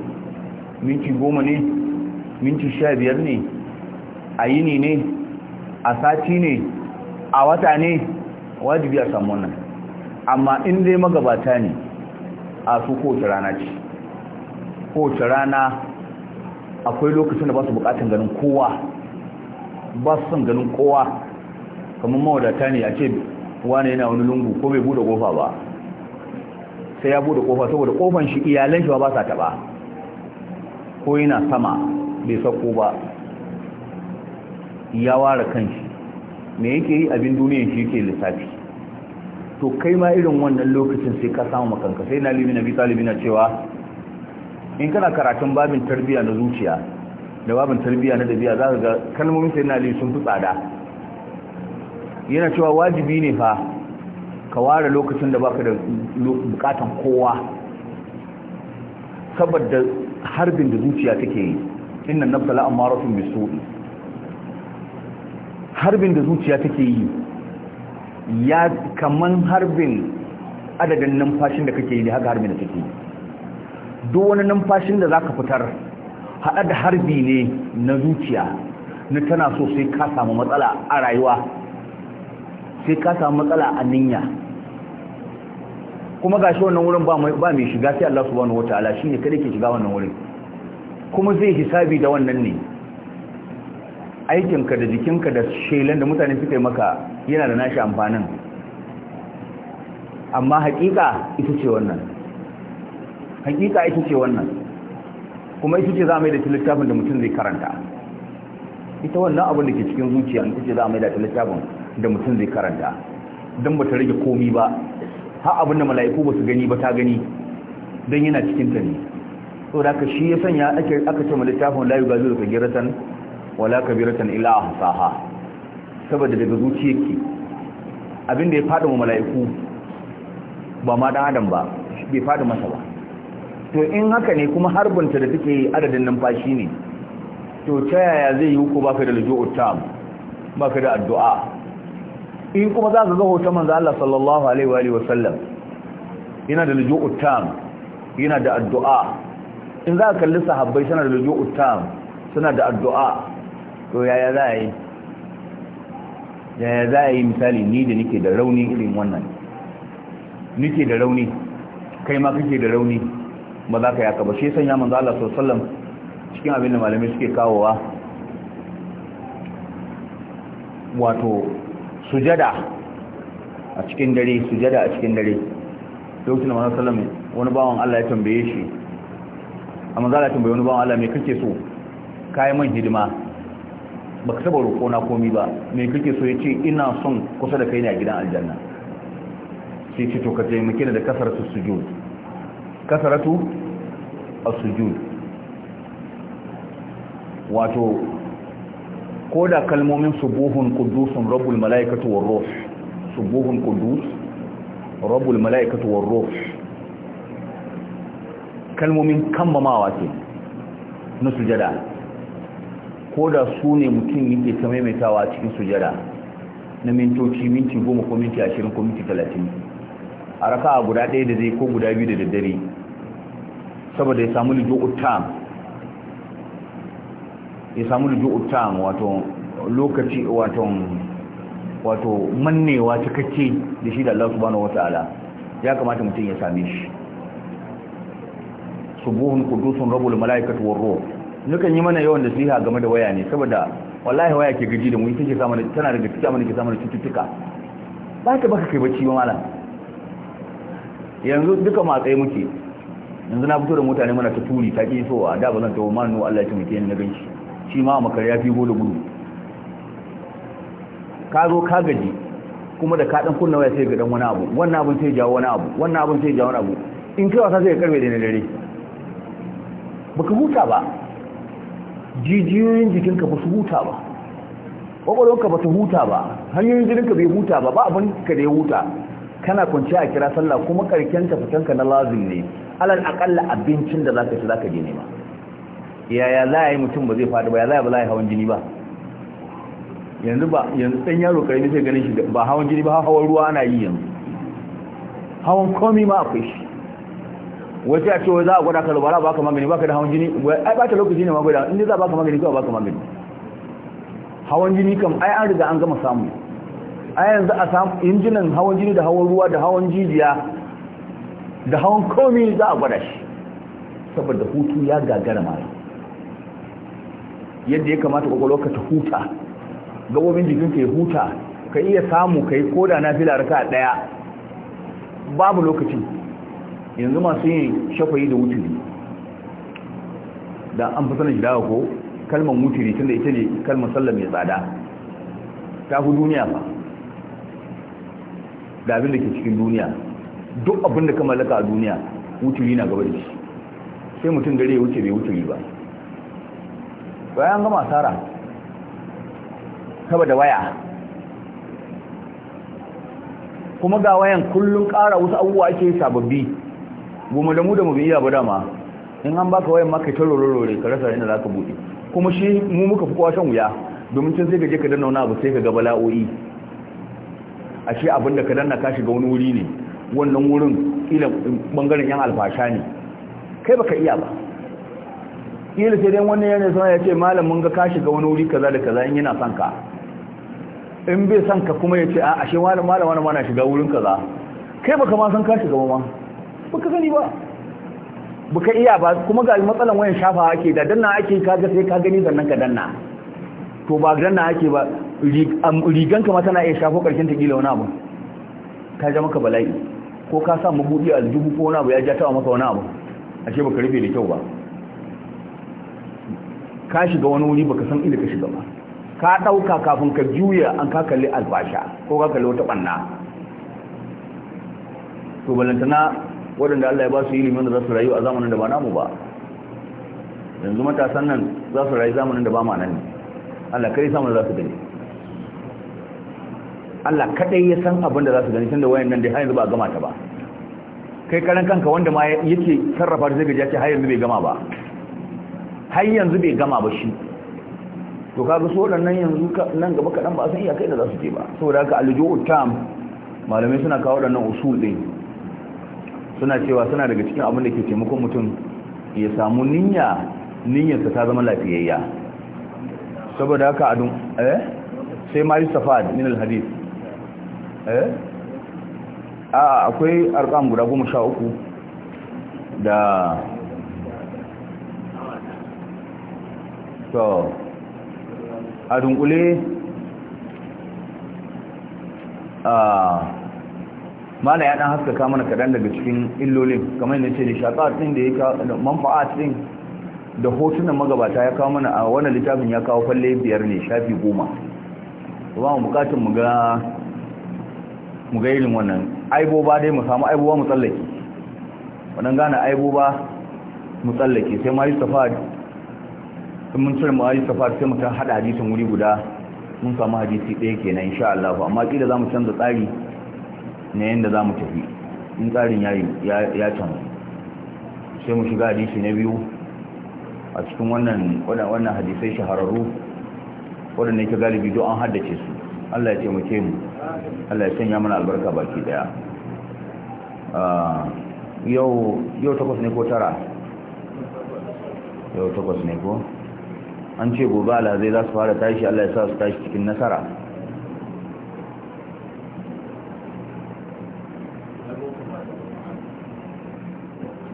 minti goma ne minti sha biyar ne a yini ne a sati ne a wata ne wajibi a samu wannan amma in dai magabata ne a su kowace rana ce kowace rana akwai lokacin da ba su bukatan ganin kowa ba su son ganin kowa kamar mawadata ne a ce wane yana wani lungu ko bai bude kofa ba sai ya bude kofa saboda kofan shi iyalan shi ba sa taba ko yana sama bai sako ba ya ware kanshi me yake yi abin duniyan shi yake lissafi to kai ma irin wannan lokacin sai ka samu makanka sai na limina bi talibina na cewa in kana karatun babin tarbiya na zuciya da babin tarbiya na dabiya za ka ga kalmomin sai na limina sun fi tsada yana cewa wajibi ne fa ka ware lokacin da baka da bukatan kowa saboda harbin da zuciya take yi inna nafsala amaratun bisu'i harbin da zuciya take yi ya kaman harbin adadin numfashin da kake yi haka harbin da kake yi duk wani numfashin da zaka fitar haɗa da harbi ne na zuciya ni tana so sai ka samu matsala a rayuwa sai ka samu matsala a ninya kuma gashi wannan wurin ba mai shiga sai Allah subhanahu wataala shine kada ke shiga wannan wurin kuma zai hisabi da wannan ne aikinka da jikinka da shelan da mutane suka yi maka yana da nashi amfanin amma hakika ita ce wannan hakika ita ce wannan kuma ita ce za mai da littafin da mutum zai karanta ita wannan abin da ke cikin zuciya ita ce za mai da littafin da mutum zai karanta don ba ta rage komi ba ha abin da mala'iku ba su gani ba ta gani don yana cikin ta ne so da aka shi ya sanya aka ce ma littafin layu gazu da kagiratan wala kabiratan illa ahsaha saboda daga zuciyarki abinda ya fada wa mala'iku ba ma dan adam ba bai fada masa ba to in haka ne kuma harbinta da take adadin numfashi ne to ta yaya zai yi ko baka da luju'ut tam baka da addu'a in kuma za ka ga hoton manzo Allah sallallahu alaihi wa sallam. yana da luju'ut tam yana da addu'a in za ka kalli sahabbai suna da luju'ut tam suna da addu'a to yaya za a yi yaya za a yi misali ni da nike da rauni irin wannan nike da rauni kai ma kake da rauni ba za ka yaka ba shi sanya manzo Allah sallallahu cikin abin da malamai suke kawowa wato sujada a cikin dare sujada a cikin dare lokacin da manzo sallallahu wani bawan Allah ya tambaye shi amma za a tambaye wani bawan Allah me kake so kai man hidima baka saba roƙo na komi ba me kake so ya ce ina son kusa da kai ne a gidan aljanna sai ce to ka taimake ni da kasaratu sujud kasaratu a sujud wato ko da kalmomin subuhun kudusun rabbul malaikatu war ruh subuhun kudus rabbul malaikatu war ruh kalmomin kammamawa ce na sujada ko da su ne mutum yake ta maimaitawa a cikin sujada na mintoci minti goma ko minti ashirin ko minti talatin a raka a guda ɗaya da zai ko guda biyu da daddare saboda ya samu lijo uttam ya samu lijo uttam wato lokaci wato wato mannewa cikakke da shi da Allah subhanahu wataala ya kamata mutum ya same shi subuhun qudusun rabbul malaikatu war ruh nukan yi mana yawan da siha game da waya ne saboda wallahi waya ke gaji da mu ita ke samu tana daga cikin mana da ke samu cututtuka ba ta baka kai bacci ba malam yanzu duka matsayi muke yanzu na fito da mutane muna ta turi ta ki so a da ba zan tawo manu Allah ya taimake ni na ganci shi ma makar ya fi da gudu ka zo ka gaji kuma da ka dan kunna waya sai ga dan wani abu wannan abun sai jawo wani abu wannan abun sai jawo wani abu in kai wasa sai ka karbe da dare baka huta ba jijiyoyin jikinka ba su huta ba ƙwaƙwalwarka ba su huta ba hanyoyin jininka bai huta ba ba abinka da ya huta kana kwanci a kira sallah kuma karken tafitanka na lazim ne alal aƙalla abincin da za zaka ci ka je nema yaya za a yi mutum ba zai faɗi ba ya za a ba za a yi hawan jini ba yanzu ba yanzu ɗan yaro ne sai ganin shi ba hawan jini ba hawan ruwa ana yi yanzu hawan komi ma akwai shi wace a cewa za a gwada ka lubara baka magani ka da hawan jini ai ba ta lokaci ne ma gwada inda za a baka magani kawai baka magani hawan jini kam ai an riga an gama samu ai yanzu a samu injinan hawan jini da hawan ruwa da hawan jijiya da hawan komi za a gwada shi saboda hutu ya gagara mara yadda ya kamata ka ta huta gabobin jikinka ya huta ka iya samu ka yi koda na fila raka daya babu lokacin yanzu masu yin shafayi da wuturi da an fi sanar jidawa ko kalmar wuturi tun da ita ne kalmar sallar mai tsada ta fi duniya ba da abin da ke cikin duniya duk abin da ka mallaka a duniya wuturi na gaba da shi sai mutum dare ya wuce bai wuturi ba bayan gama asara da waya kuma ga wayan kullum kara wasu abubuwa ake sababbi goma da mu da mu bi iya ba dama in an baka wayan maka ta rororore ka rasa inda zaka bude kuma shi mu muka fi kwashan wuya domin tun sai ka je ka danna wani abu sai ka ga bala'o'i ashe abin da ka danna ka shiga wani wuri ne wannan wurin ila bangaren yan alfasha ne kai baka iya ba ila sai dai wannan yana son ya ce malam mun ga ka shiga wani wuri kaza da kaza in yana son ka in bai son ka kuma ya ce a ashe malam malam wani mana shiga wurin kaza kai baka ma san ka shiga ba ma baka sani ba baka iya ba kuma ga matsalan wayan shafa ake da danna ake kaga sai ka gani sannan ka danna to ba danna ake ba rigan ka ma tana iya shafo karshen ta gila wani abu ka ja maka bala'i ko ka sa mabudi a aljihu ko wani abu ya ja tawa maka wani abu ashe baka rufe da kyau ba ka shiga wani wuri baka san inda ka shiga ba ka dauka kafin ka juya an ka kalli albasha ko ka kalli wata banna to balantana waɗanda Allah ya ba su ilimin da za su rayu a zamanin da ba namu ba yanzu matasan nan za su rayu zamanin da ba ma nan Allah kai samun za su gani Allah kadai ya san abin da za su gani tun da wayan nan dai har yanzu ba gama ta ba kai karan kanka wanda ma yake sarrafa da zai ce har yanzu bai gama ba har yanzu bai gama ba shi to kaga so nan yanzu nan gaba kaɗan ba san kai da za su je ba saboda haka aljuhu tam malamai suna kawo waɗannan usul ɗin suna cewa suna daga cikin abin da ke taimakon mutum ya samu niyya niyyarsa ta zama lafiyayya saboda haka adun eh sai ma safad min alhadith eh a akwai arqam guda 13 da to adun kule a mana ya dan haskaka mana kadan daga cikin illolin kamar yadda ce da shaqat din da yake manfa'a din da hotunan magabata ya kawo mana a wannan littafin ya kawo falle biyar ne shafi goma ba mu bukatun mu ga mu ga irin wannan aibo ba dai mu samu aibo ba mu tsallake wannan gane aibo ba mu tsallake sai safar Yusufa mun tsare mai safar sai mu ta hada hadisin wuri guda mun samu hadisi ɗaya kenan insha Allah amma kida zamu canza tsari na yadda za mu tafi in tsarin ya canu sai mu shiga hadisi na biyu a cikin wannan hadisai shahararru waɗanda yake galibi don an haddace su allah ya muke mu allah ya sanya mana albarka baki daya ah, yau takwas ne ko tara yau takwas ne ko an ce gobe alhazai za su fara tashi allah ya sa su tashi cikin nasara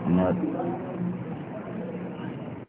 not